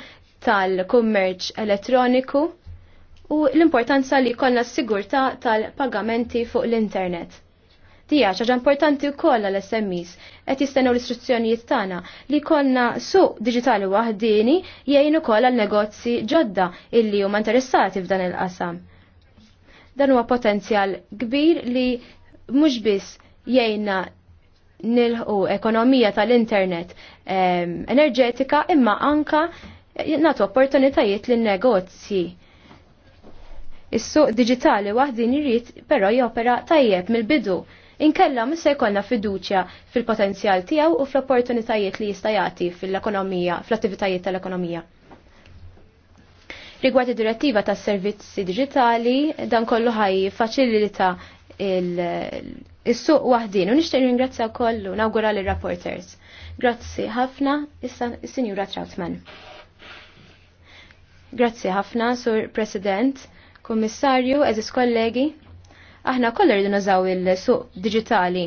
[SPEAKER 2] tal-kummerċ elettroniku u l-importanza li jkollna s-sigurta tal-pagamenti fuq l-internet. Dija ċaġa importanti wkoll għal smis qed jistennu l-istruzzjonijiet tagħna li konna suq digitali waħdini jgħin ukoll għal negozji ġodda illi huma interessati f'dan il-qasam. Dan huwa potenzjal kbir li mhux biss jgħinna nilħu ekonomija tal-internet enerġetika imma anka natu opportunitajiet lin negozji Is-suq digitali waħdin irrid però jopera tajjeb mill-bidu. Inkella mis se jkollna fiduċja fil-potenzjal tiegħu u fl-opportunitajiet li jista' jagħti fil-ekonomija, fl-attivitajiet tal-ekonomija. Rigward id-direttiva tas-servizzi digitali, dan kollu ħaj faċilita il is-suq waħdin u nixtieq ringrazzja kollu nawgura lir rapporters Grazzi ħafna issa is-Sinjura Trautman. Grazzi ħafna sur President, Kummissarju, eżis kollegi. Aħna kollu rridu nażaw il-suq diġitali.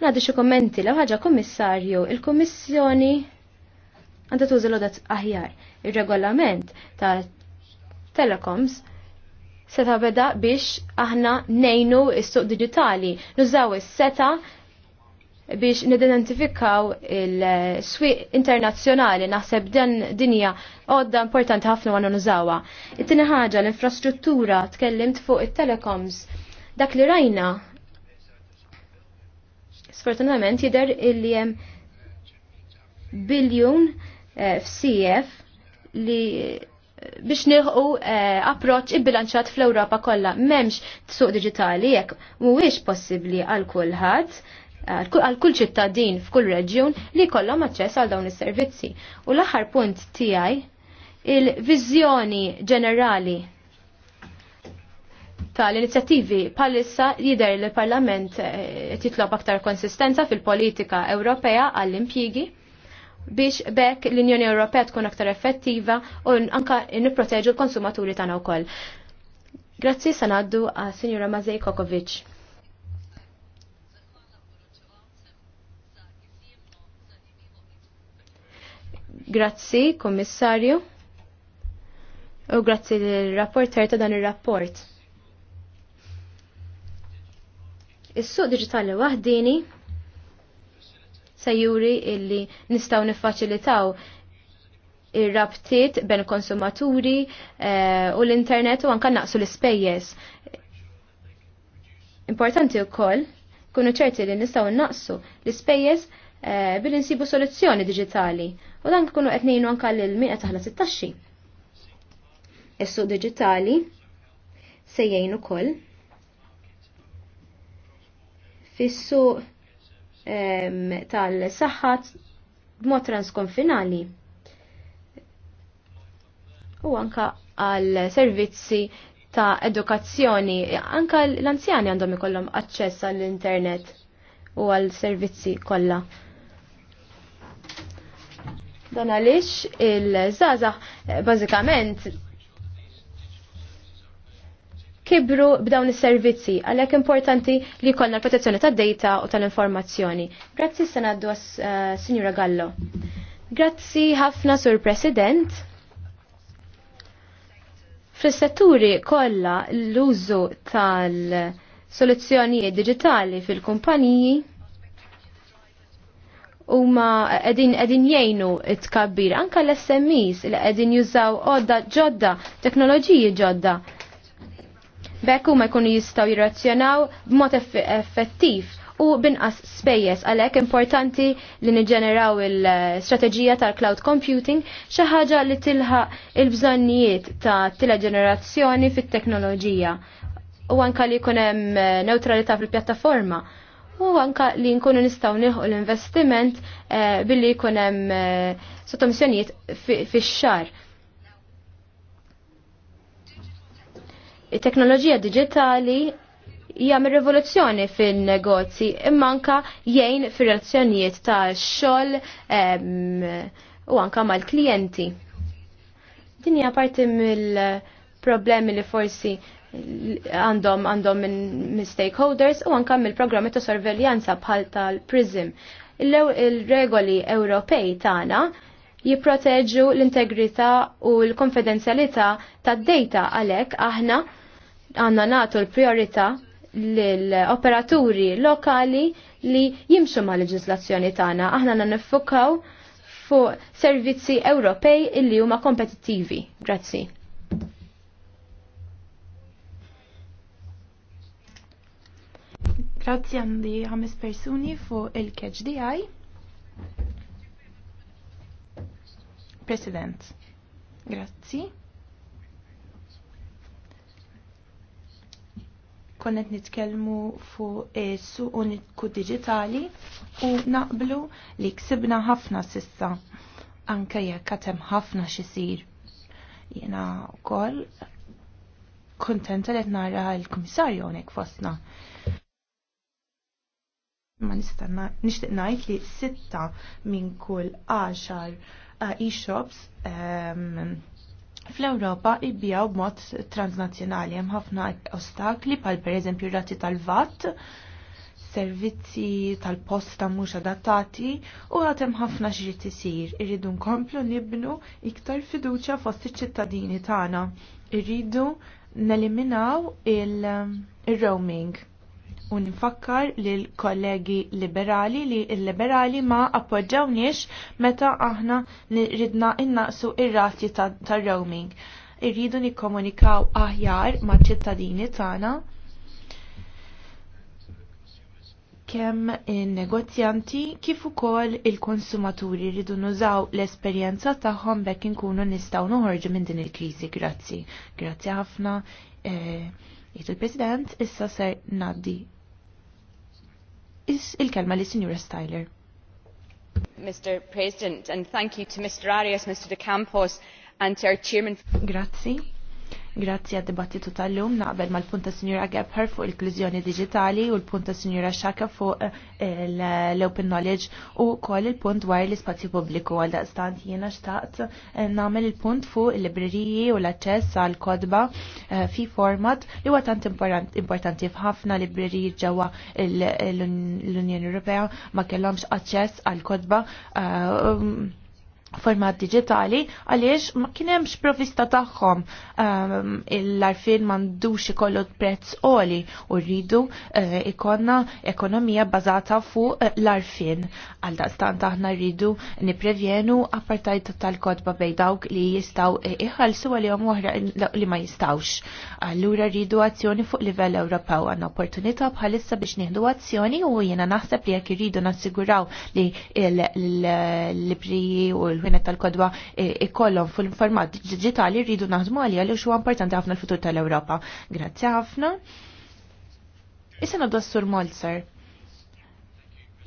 [SPEAKER 2] Ħna xi kummenti l ħaġa Kummissarju, il-Kummissjoni għandha tuża l aħjar. Ir-regolament ta' telecoms seta beda biex aħna nejnu s-suq digitali. Nużaw is-seta biex nidentifikaw il-swiq internazzjonali naħseb dan dinja għodda importanti ħafna għannu nużawa. It-tini ħaġa l-infrastruttura tkellimt fuq it-telecoms. Dak li rajna sfortunatament jider il-li jem biljun eh, f'CF li biex nilħu eh, approċ ibbilanċat fl europa kollha m'hemmx suq digitali jekk mhuwiex possibbli għal kulħadd għal kull ċittadin f'kull reġjun li kollhom aċċess għal dawn is-servizzi. U l-aħħar punt tiegħi il-viżjoni ġenerali tal-inizjattivi palissa jider l-Parlament eh, titlob aktar konsistenza fil-politika Ewropea għall-impjigi biex bekk l-Unjoni Ewropea tkun aktar effettiva u anka nipproteġu l-konsumaturi tagħna wkoll. Grazzi sanaddu għal Sinjura Mazej Kokovic. Grazzi, Kommissarju. U grazzi l-rapporter ta' dan il-rapport. Is-suq diġitali waħdini se juri illi nistaw nifaċilitaw ir-rabtiet ben konsumaturi eh, u l-internet u anka naqsu l-ispejjeż. Importanti wkoll kunu ċerti li nistaw naqsu l-ispejjeż eh, billi nsibu soluzzjoni diġitali u dan kunu qed ngħinu anke lil mieqa taħla sit-taxxi. Is-suq diġitali se jgħin ukoll fis-suq tal saħħat b'mod transkonfinali. U anka għal servizzi ta' edukazzjoni, anka l-anzjani għandhom ikollhom aċċess għall-internet u għal servizzi kollha. Dan għaliex il żgħażagħ eh, bażikament kibru b'dawn is-servizzi, għalhekk importanti li jkollna l-protezzjoni tad-data u tal-informazzjoni. Grazzi se ngħaddu għas uh, eh, Sinjura Gallo. Grazzi ħafna Sur President. Fis-setturi kollha l-użu tal-soluzzjonijiet diġitali fil-kumpaniji huma qegħdin qegħdin jgħinu t tkabbir anke l-SMEs li qegħdin jużaw għodda ġodda, teknoloġiji ġodda Bekku ma jkunu jistaw jirrazzjonaw b'mod effettiv u binqas spejjeż għalhekk importanti li niġġeneraw il-strateġija tal-cloud computing xi ħaġa li tilħaq il-bżonnijiet ta' tila ġenerazzjoni fit-teknoloġija u anka li jkun hemm eh, neutralità fil-pjattaforma u anka li nkunu nistgħu nilħu l-investiment eh, billi jkun hemm eh, sottomissjonijiet fix-xar. it-teknoloġija digitali hija rivoluzzjoni fin-negozji imma anka jgħin fir-relazzjonijiet tax-xogħol u anka mal-klijenti. Din hija parti mill-problemi li forsi għandhom għandhom minn stakeholders u anka mill-programmi ta' sorveljanza bħal tal-PRISM. Il-regoli Ewropej tagħna jipproteġu l-integrità u l-konfidenzjalità tad-data għalhekk aħna għanna natu l priorita l-operaturi lokali li jimxu ma' leġislazzjoni tagħna. Aħna għanna nifukaw fuq servizzi Ewropej illi huma kompetittivi. Grazzi.
[SPEAKER 3] Grazzi għandi ħames persuni fuq il-KHDI. President, Grazie. konnet nitkellmu fuq su uniku digitali u naqblu li ksibna ħafna sissa anke jekk hemm ħafna xisir. u wkoll kontenta li qed nara l-Kummissarju hawnhekk fosna. Ma nista' nixtieq ngħid li sitta minn kull għaxar eh, e-shops um, fl-Ewropa jibbijaw b'mod transnazzjonali hemm ħafna ostakli pal pereżempju rati tal-VAT, servizzi tal-posta mhux adattati u għad hemm ħafna xrid isir. Irridu nkomplu nibnu iktar fiduċja fost iċ-ċittadini tagħna. Irridu neliminaw il-roaming. Il u nifakkar lil kollegi liberali li il-liberali ma appoġġawniex meta aħna ridna innaqsu ir-rati tar-roaming. Ta Irridu nikkomunikaw aħjar ma' ċittadini tagħna kemm in-negozjanti kif ukoll il-konsumaturi rridu nużaw l-esperjenza tagħhom bekk inkunu nistgħu noħorġu minn din il-kriżi. Grazzi. Grazzi ħafna. Eh, il-President issa ser naddi is il-kelma li Signora Styler. Mr. President, and thank you to Mr. Arias, Mr. De Campos, and to our chairman. Grazie. Grazzi għad dibattitu tal-lum naqbel mal-punta Sinjura Gebher fuq il-klizjoni digitali u l-punta Sinjura Xaka fuq eh, l-Open Knowledge u koll il-punt dwar l-ispazju pubbliku għal daqstant jiena xtaqt eh, namel il-punt fuq il-libreriji u l-aċċess għal kodba eh, fi format li huwa tant importanti f'ħafna libreriji ġewwa l-Unjoni Ewropea ma kellhomx aċċess għal kodba um, format digitali għaliex ma kienemx provista tagħhom um, l-arfin mandux ikollu prezz oli u rridu uh, ikonna ekonomija bazata fuq uh, l-arfin. Għal daqstant aħna rridu niprevjenu appartajt tal-kodba bej dawk li jistaw iħalsu għalihom uħra li ma jistawx. Allura rridu azzjoni fuq livell Ewropew għandna opportunità bħalissa biex nieħdu azzjoni u jiena naħseb li jekk irridu nassiguraw li l libri u l il-ħwienet tal-kodwa ikollom fil-format digitali rridu naħdmu għalija li huwa importanti ħafna l-futur tal europa Grazzi ħafna. Issa nabdu s-sur Molzer.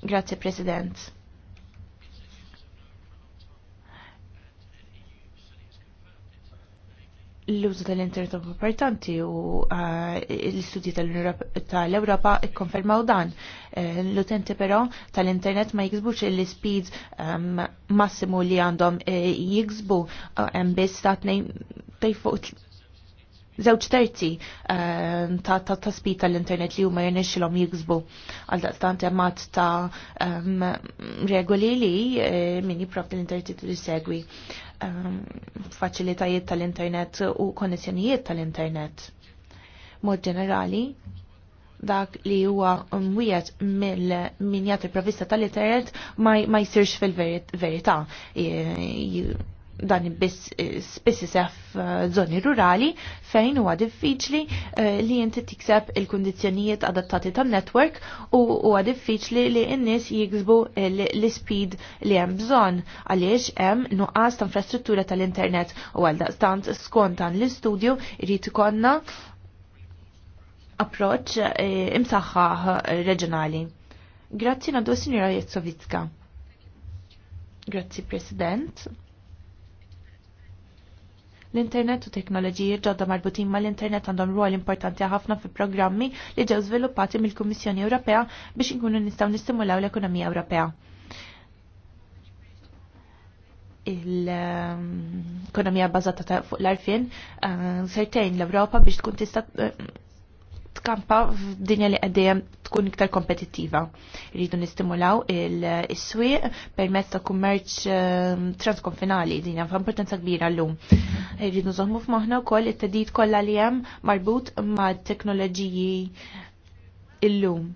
[SPEAKER 3] Grazzi President. l-użu tal-internet importanti u eh, l-istudji tal-Europa ikkonfermaw dan. Eh, l-utenti però tal-internet ma jiksbux l speed ehm, massimu li għandhom eh, jiksbu hemm biss ta' fuq żewġ terzi ehm, ta' ta' taspita l-internet li huma l-om jiksbu għal daqstant jammat ta' ehm, regoli li eh, min prof l-internet li segwi ehm, faċilitajiet tal-internet u konnessjonijiet tal-internet. Mod ġenerali, dak li huwa mwijet mill-minjat il-provista tal-internet ma, jisirx fil-verità dan biss eh, spiss isef eh, zoni rurali fejn huwa diffiċli eh, li inti tikseb il-kundizzjonijiet adattati tan-network u huwa diffiċli li n-nies jiksbu l-speed li hemm bżonn għaliex hemm nuqqas ta' infrastruttura tal-internet u għal daqstant skont dan l-istudju jrid ikollna approċċ imsaħħaħ reġjonali. Grazzi nadu Sinjora Jezzovitska. Grazzi President. L-internet u teknoloġiji ġodda marbutin ma l-internet għandhom rwol importanti ħafna fi programmi li ġew żviluppati mill-Kummissjoni Ewropea biex inkunu nistgħu nistimulaw l-ekonomija Ewropea il-ekonomija um, bazata fuq l-arfin, uh, sertejn l-Europa biex tkun tista' uh, tkampa f'dinja li għaddejjem tkun iktar kompetittiva. Rridu nistimulaw il-swieq permezz ta' kummerċ ehm, transkonfinali dinja f'importanza kbira llum. Rridu f'maħna u wkoll it tadid kollha li hemm marbut ma' teknoloġiji illum.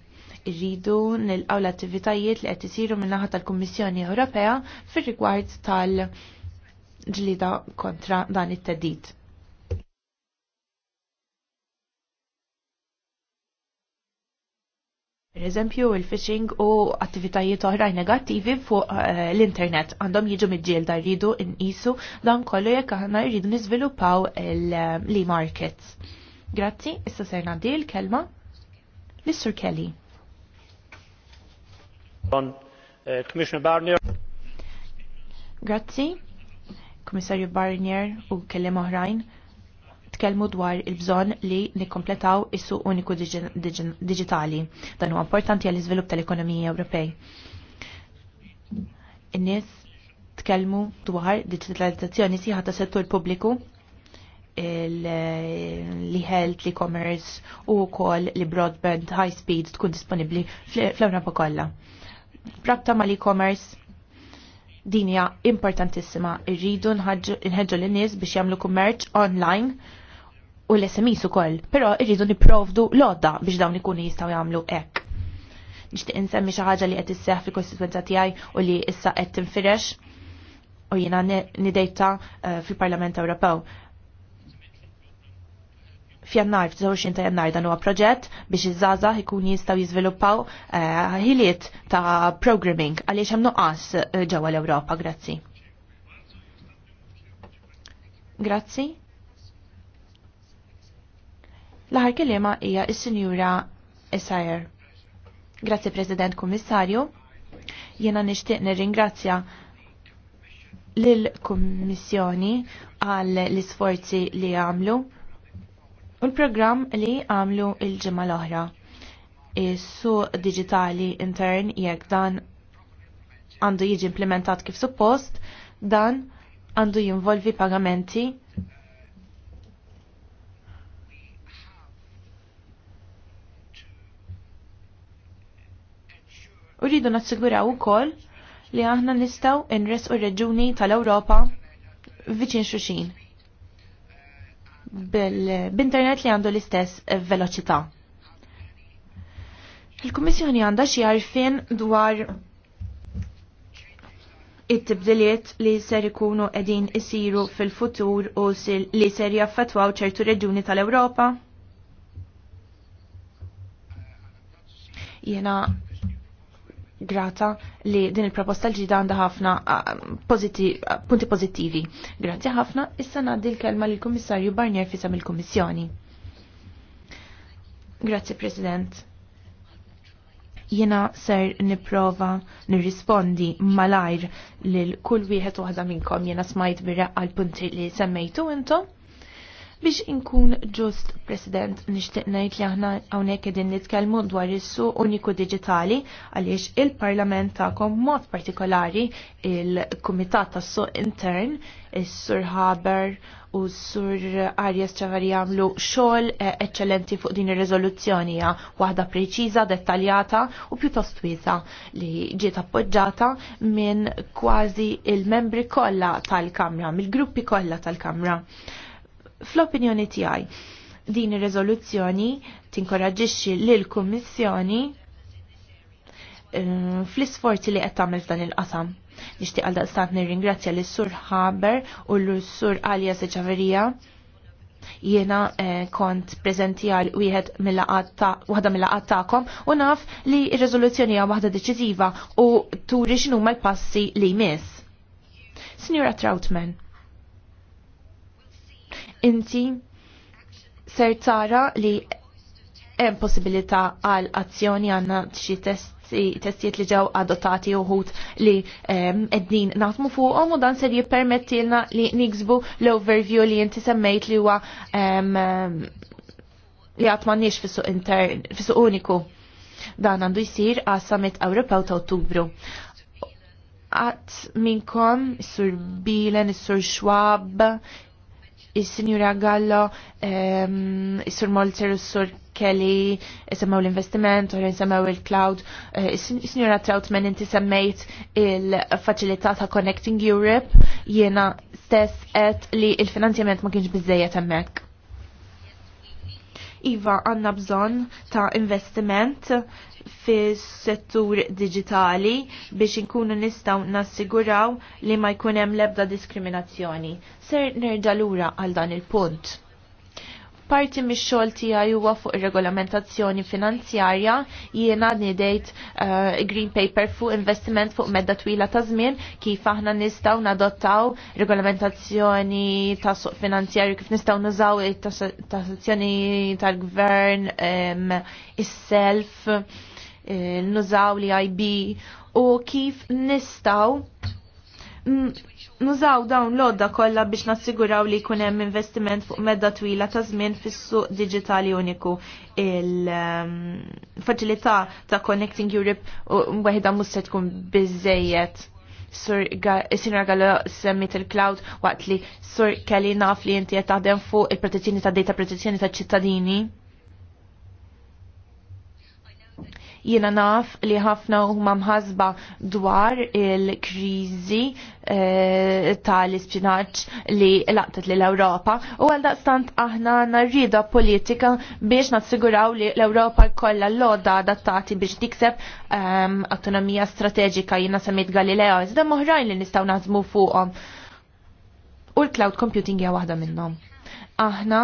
[SPEAKER 3] Irridu nilqaw l-attivitajiet li qed isiru min-naħa tal-Kummissjoni Ewropea fir-rigward tal-ġlida kontra dan it-tedid Per eżempju, il-phishing u attivitajiet oħrajn negattivi fuq uh, l-internet għandhom jiġu mid-ġielda rridu nqisu dan kollu jekk aħna rridu niżviluppaw eh, l-e-markets. Grazzi, issa ser ngħaddi l-kelma lis-Sur Kelly. Eh, Grazzi, Kummissarju Barnier u kelliem oħrajn nitkellmu dwar il-bżonn li nikkompletaw is-suq uniku digitali. Dan huwa importanti għall iżvilupp tal-ekonomija Ewropej. In-nies tkellmu dwar digitalizzazzjoni sieħa ta' settur pubbliku l-health, l-e-commerce u kol li broadband high speed tkun disponibli fl-Europa kollha. Prakta ma l-e-commerce dinja importantissima irridu nħedġu l-nies biex jagħmlu kummerċ online u l-SMIs ukoll, però irridu niprovdu lodda biex dawn ikunu jistgħu jagħmlu hekk. Nixtieq insemmi xi ħaġa li qed isseħħ fil-kostituenza tiegħi u li issa qed tinfirex u jiena nidejta eh, fil-Parlament Ewropew f'jannar, f'29 ta' jannar dan huwa proġett biex iż-żaza jkun jistgħu jiżviluppaw eh, ħiliet ta' programming għaliex hemm nuqqas eh, ġewwa l-Ewropa, grazzi. Grazzi. L-aħar kelima hija is-Sinjura Esajer. Grazzi President Kummissarju. Jena nixtieq nirringrazzja lill-Kummissjoni għal l-isforzi li għamlu u l-programm li għamlu il-ġimgħa l-oħra. is su digitali intern jekk dan għandu jiġi implementat kif suppost, dan għandu jinvolvi pagamenti U rridu nassiguraw ukoll li aħna nistaw inres u reġuni tal-Ewropa viċin xuxin. B'internet li għandu l-istess veloċità. Il-Kummissjoni għandha xi għarfien dwar it-tibdiliet li ser ikunu qegħdin isiru fil-futur u li ser jaffettwaw ċertu reġuni tal-Ewropa. Jena grata li din il-proposta l-ġdida għandha ħafna punti pozittivi. Grazzi ħafna, issa ngħaddi l-kelma lill kummissarju Barnier fisem il-Kummissjoni. Grazzi President. Jiena ser nipprova nirrispondi malajr l kull wieħed waħda minnkom jiena smajt birra għal punti li semmejtu intom Biex inkun ġust, President, nixtieq ngħid li aħna hawnhekk qegħdin nitkellmu dwar is-suq uniku diġitali għaliex il-Parlament tagħkom mod partikolari il-Kumitat tas-Suq Intern, is-Sur Haber u s-Sur Arias ċavar jagħmlu xogħol eh, eċċellenti fuq din ir-riżoluzzjoni hija waħda preċiża, dettaljata u pjuttost wiesa li ġiet appoġġata minn kważi il-membri kollha tal-Kamra, mill-gruppi kollha tal-Kamra. Fl-opinjoni tiegħi din ir riżoluzzjoni tinkoraġixxi lil kummissjoni eh, fl-isforzi li qed tagħmel f'dan il-qasam. Nixtieq għal daqstant nirringrazzja lis sur Haber u l-Sur Alja Seċaverija jiena eh, kont prezenti għal wieħed waħda mill-laqat tagħkom u naf li r-riżoluzzjoni hija waħda deċiżiva u turi x'inhuma l-passi li jmiss. Signora Troutman, inti ser tara li hemm possibilità għal azzjoni għandna xi testijiet li ġew adottati uħut li ehm, qegħdin naħdmu fuqhom u dan ser jippermettilna li niksbu l-overview li inti semmejt li huwa ehm, li għat manniex fis-suq uniku. Dan għandu jisir għas summit Ewropew ta' Ottubru. Għat minnkom, sur Bilen, sur Schwab, is signora Gallo, ehm, is-Sur Molzer, il sur Kelly, semmew l-investiment, u semmew il-cloud, eh, is-Sinjura Trautman inti semmejt il-facilità ta' Connecting Europe, jiena stess et li il-finanzjament ma kienx biżejjed hemmhekk. Iva għanna bżon ta' investiment fis settur digitali biex inkunu nistaw nassiguraw li ma jkunem lebda diskriminazzjoni. Ser nerġalura għal dan il-punt. Parti mix xogħol tiegħi huwa fuq ir-regolamentazzjoni finanzjarja jiena nidejt uh, green paper fuq investiment fuq medda twila ta' żmien kif aħna nistgħu nadottaw regolamentazzjoni ta' suq finanzjarju kif nistgħu nużaw it-tassazzjoni tal-gvern um, is-self eh, nużaw li IB u kif nistgħu mm, nużaw dawn l-odda kollha biex nassiguraw li jkun hemm investiment fuq medda twila ta' żmien fis-suq diġitali uniku. Il-faċilità ehm, ta' Connecting Europe waħda mhux se tkun biżejjed. Sur Sinra Gallo semmit il-cloud waqt li Sur Kelly naf li jinti qed taħdem fuq il-protezzjoni ta' data protezzjoni ta' ċittadini. Jiena naf li ħafna huma mħasba dwar il-kriżi eh, tal-ispinaċ li laqtet li l-Ewropa u għal daqstant aħna narrida politika biex nassiguraw li l-Ewropa kolla l-loda adattati biex tikseb um, autonomija strateġika jiena samit Galileo iżda moħrajn li nistgħu nazmu fuqhom. U l-cloud computing hija waħda minnhom. Aħna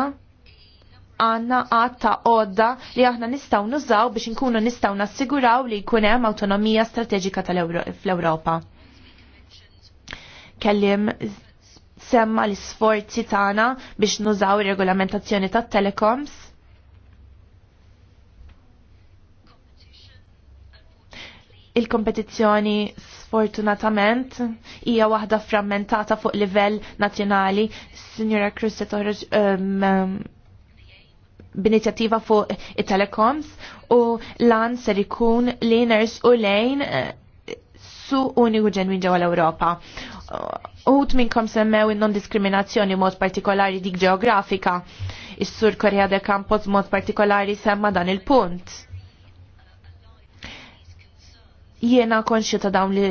[SPEAKER 3] għanna għad ta' għodda li aħna nistaw nużaw biex nkunu nistaw nassiguraw li jkun hemm autonomija strateġika fl-Ewropa. Kellim semma l-sforzi tagħna biex nużaw regolamentazzjoni tat telecoms. Il-kompetizzjoni sfortunatament hija waħda frammentata fuq livell nazzjonali. Signora Cruz se toħroġ um, um b'inizjattiva fuq it-telecoms u lan ser ikun li u lejn eh, su uniku ġenwin ġewwa l-Ewropa. Uħut minnkom semmew non-diskriminazzjoni mod partikolari dik ġeografika. Is-Sur Korea de Campos mod partikolari semma dan il-punt Jiena konxju ta' dawn li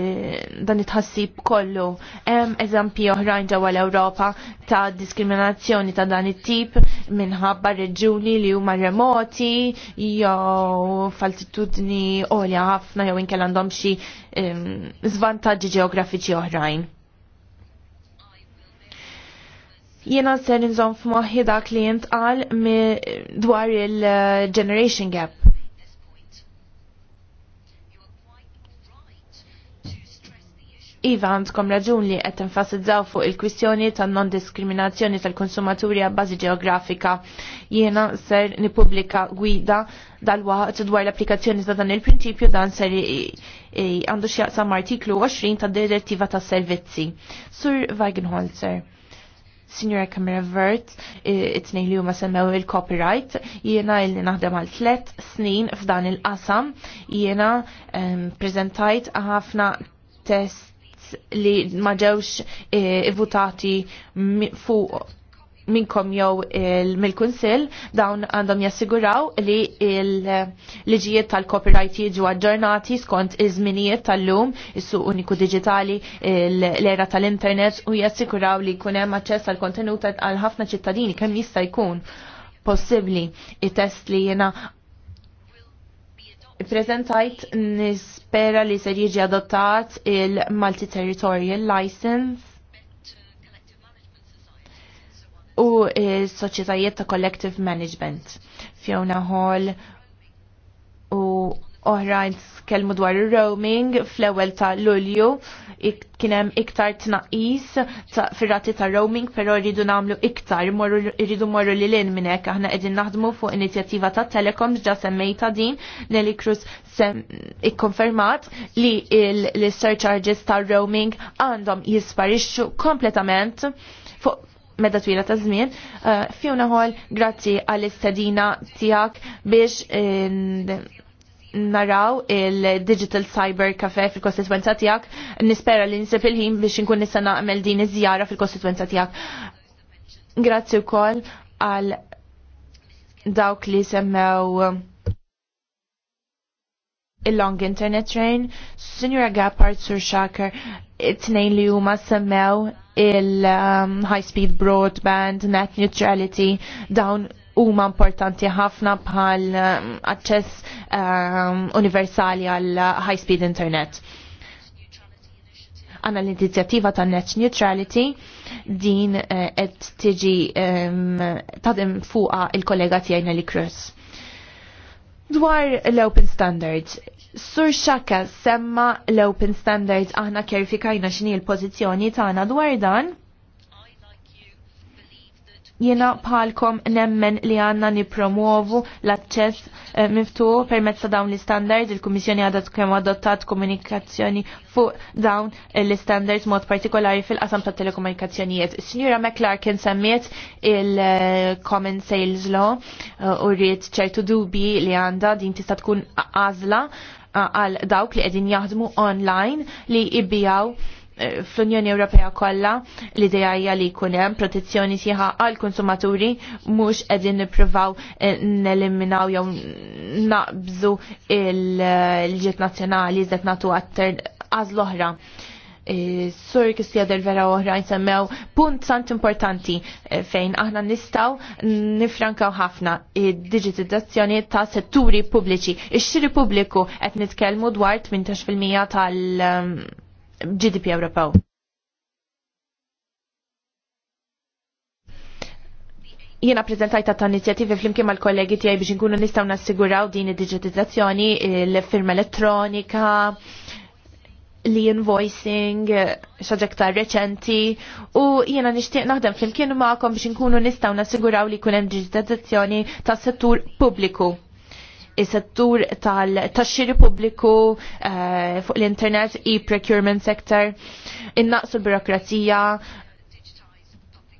[SPEAKER 3] dan it-ħassib kollu. Hemm eżempji oħrajn ġewwa l-Ewropa ta' diskriminazzjoni ta' dan it-tip minħabba reġuni li huma remoti jew faltitudni għolja ħafna jew inkella għandhom xi żvantaġġi ġeografiċi oħrajn. Jiena ser nżomm f'moħħi dak li jintqal dwar il-generation eh, gap Iva għandkom raġun li qed enfasizzaw fuq il-kwistjoni ta' non-diskriminazzjoni tal-konsumaturi għal bażi ġeografika. Jiena ser nipubblika gwida dal-waqt dwar l-applikazzjoni ta' dan il-prinċipju dan ser għandu x'jaqsam artiklu 20 ta' direttiva ta' servizzi. Sur Wagenholzer. Signora Kamera Vert, it-tnej li huma semmew il-copyright, jiena illi naħdem għal tlet snin f'dan il-qasam, jiena ehm, prezentajt ħafna test li ma ġewx eh, votati fuq minnkom jew mill-Kunsill dawn għandhom jassiguraw li l-liġijiet tal-copyright jiġu aġġornati skont iż-żminijiet tal-lum, is-suq uniku diġitali, l-era tal-internet u jassiguraw li jkun hemm aċċess għall kontenut għal ħafna ċittadini kemm jista' jkun possibbli. it-test li jiena Prezentajt nispera li ser jiġi adottat il-Multi-Territorial License u s-soċjetajiet ta' Collective Management. Fiona Hall u oħrajn kelmu dwar il roaming fl-ewwel ta' Lulju kien hemm iktar tnaqis fir-rati ta' roaming però rridu nagħmlu iktar rridu morru lil l-in minnek aħna qegħdin naħdmu fuq inizjattiva ta' Telekom ġa semmejta din Nelly Cruz ikkonfermat li l-surcharges ta' roaming għandhom jisparixxu kompletament fuq medda twila ta' żmien. Eh, Fjuna għol, grazzi għall-istadina tiegħek biex eh, naraw il-Digital Cyber Cafe fil-kostituenza tijak. Nispera li nisib il-ħin biex nkun nista naqmel din iż-żjara fil-kostituenza tijak. Grazzi wkoll għal dawk li semmew il-long internet train, Signora Gappard Sur Shaker, it-tnejn li huma semmew il-high um, speed broadband, net neutrality, dawn huma importanti ħafna bħal um, aċċess um, universali għal uh, high speed internet għanna l-inizjattiva ta' net neutrality din uh, qed tiġi um, tadim fuqa il-kollega tiegħi li Cruz. Dwar l-open standards, Sur Xaka semma l-open standards aħna kjerifikajna x'inhi l-pożizzjoni tagħna dwar dan jina bħalkom nemmen li għanna nipromuovu l-access eh, miftu per mezza dawn l-standards, il-Kummissjoni għadat kem adottat komunikazzjoni fuq dawn l-standards mod partikolari fil-qasam ta' telekomunikazzjonijiet. Signora McClarkin semmiet il-Common Sales Law eh, u rrit ċertu dubi li għanda din tista' tkun għażla eh, għal dawk li qegħdin jaħdmu online li jibbijaw fl-Unjoni Ewropea kollha l-idea hija li jkun hemm protezzjoni sieħa għall konsumaturi mhux qegħdin nippruvaw eh, neliminaw jew naqbżu il ġiet nazzjonali iżda nagħtu għażl oħra. Eh, Sur kistija del vera oħra jsemmew punt sant importanti eh, fejn aħna nistaw nifrankaw ħafna id-digitizzazzjoni ta' setturi pubbliċi. Ix-xiri pubbliku qed nitkellmu dwar 18% tal- GDP Ewropew. Jiena prezentajta ta' inizjativi flimkien mal-kollegi tiegħi biex inkunu nistgħu nassiguraw din id-digitizzazzjoni, l-firma elettronika, l invoicing xaġektar reċenti u jiena nixtieq naħdem flimkien ma'kom biex inkunu nistgħu nassiguraw li jkun hemm digitizzazzjoni tas settur pubbliku is-settur tal-taxxiri pubbliku eh, fuq l-internet, e-procurement sector, innaqsu l-birokrazija,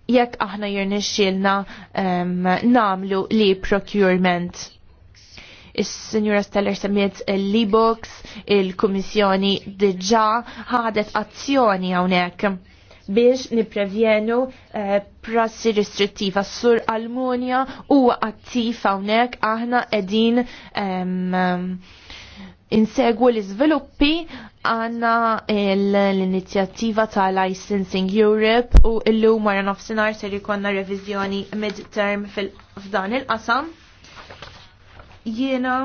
[SPEAKER 3] jekk aħna jirnexxielna um, namlu li procurement. Is-Sinjura Steller semmiet l-e-books, il-Kummissjoni diġà ħadet azzjoni hawnhekk biex niprevjenu eh, prassi restrittiva. Sur Almunja u attiv hawnhekk aħna qegħdin ehm, ehm, insegwu l-iżviluppi għanna l-inizjattiva ta' Licensing Europe u illum wara nofsinhar se jkollna reviżjoni mid-term f'dan il-qasam. Jiena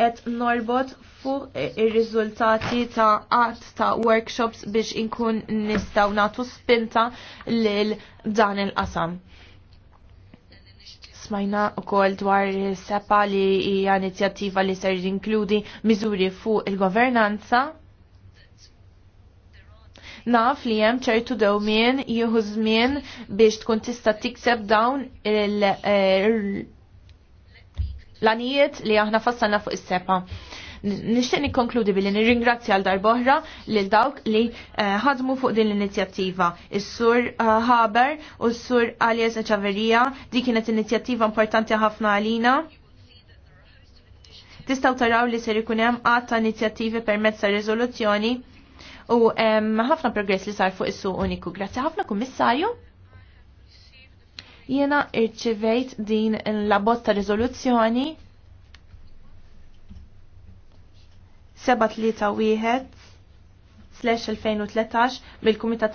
[SPEAKER 3] qed norbot fuq ir-riżultati ta' qatt ta' workshops biex inkun nistgħu nagħtu spinta lil dan il-qasam. Smajna u kol dwar sepa li hija inizjattiva li ser jinkludi miżuri fuq il-governanza naf li hemm ċertu dewmien jieħu żmien biex tkun tista' tikseb dawn il eh, lanijiet li aħna fassalna fuq is-sepa. Nixtieq nikkonkludi billi nirringrazzja għal darboħra lil dawk li eh, ħadmu fuq din l-inizjattiva. Is-sur eh, Haber u s-sur Alias Eċaverija, di kienet inizjattiva importanti ħafna għalina tistaw taraw li ser ikun hemm għatta inizjattivi permezz ta' riżoluzzjoni u ħafna progress li sar fuq is-suq uniku. Grazzi ħafna kummissarju. Jiena irċivejt din l-abbozz ta' riżoluzzjoni 3 slash 2013 mill-Kumitat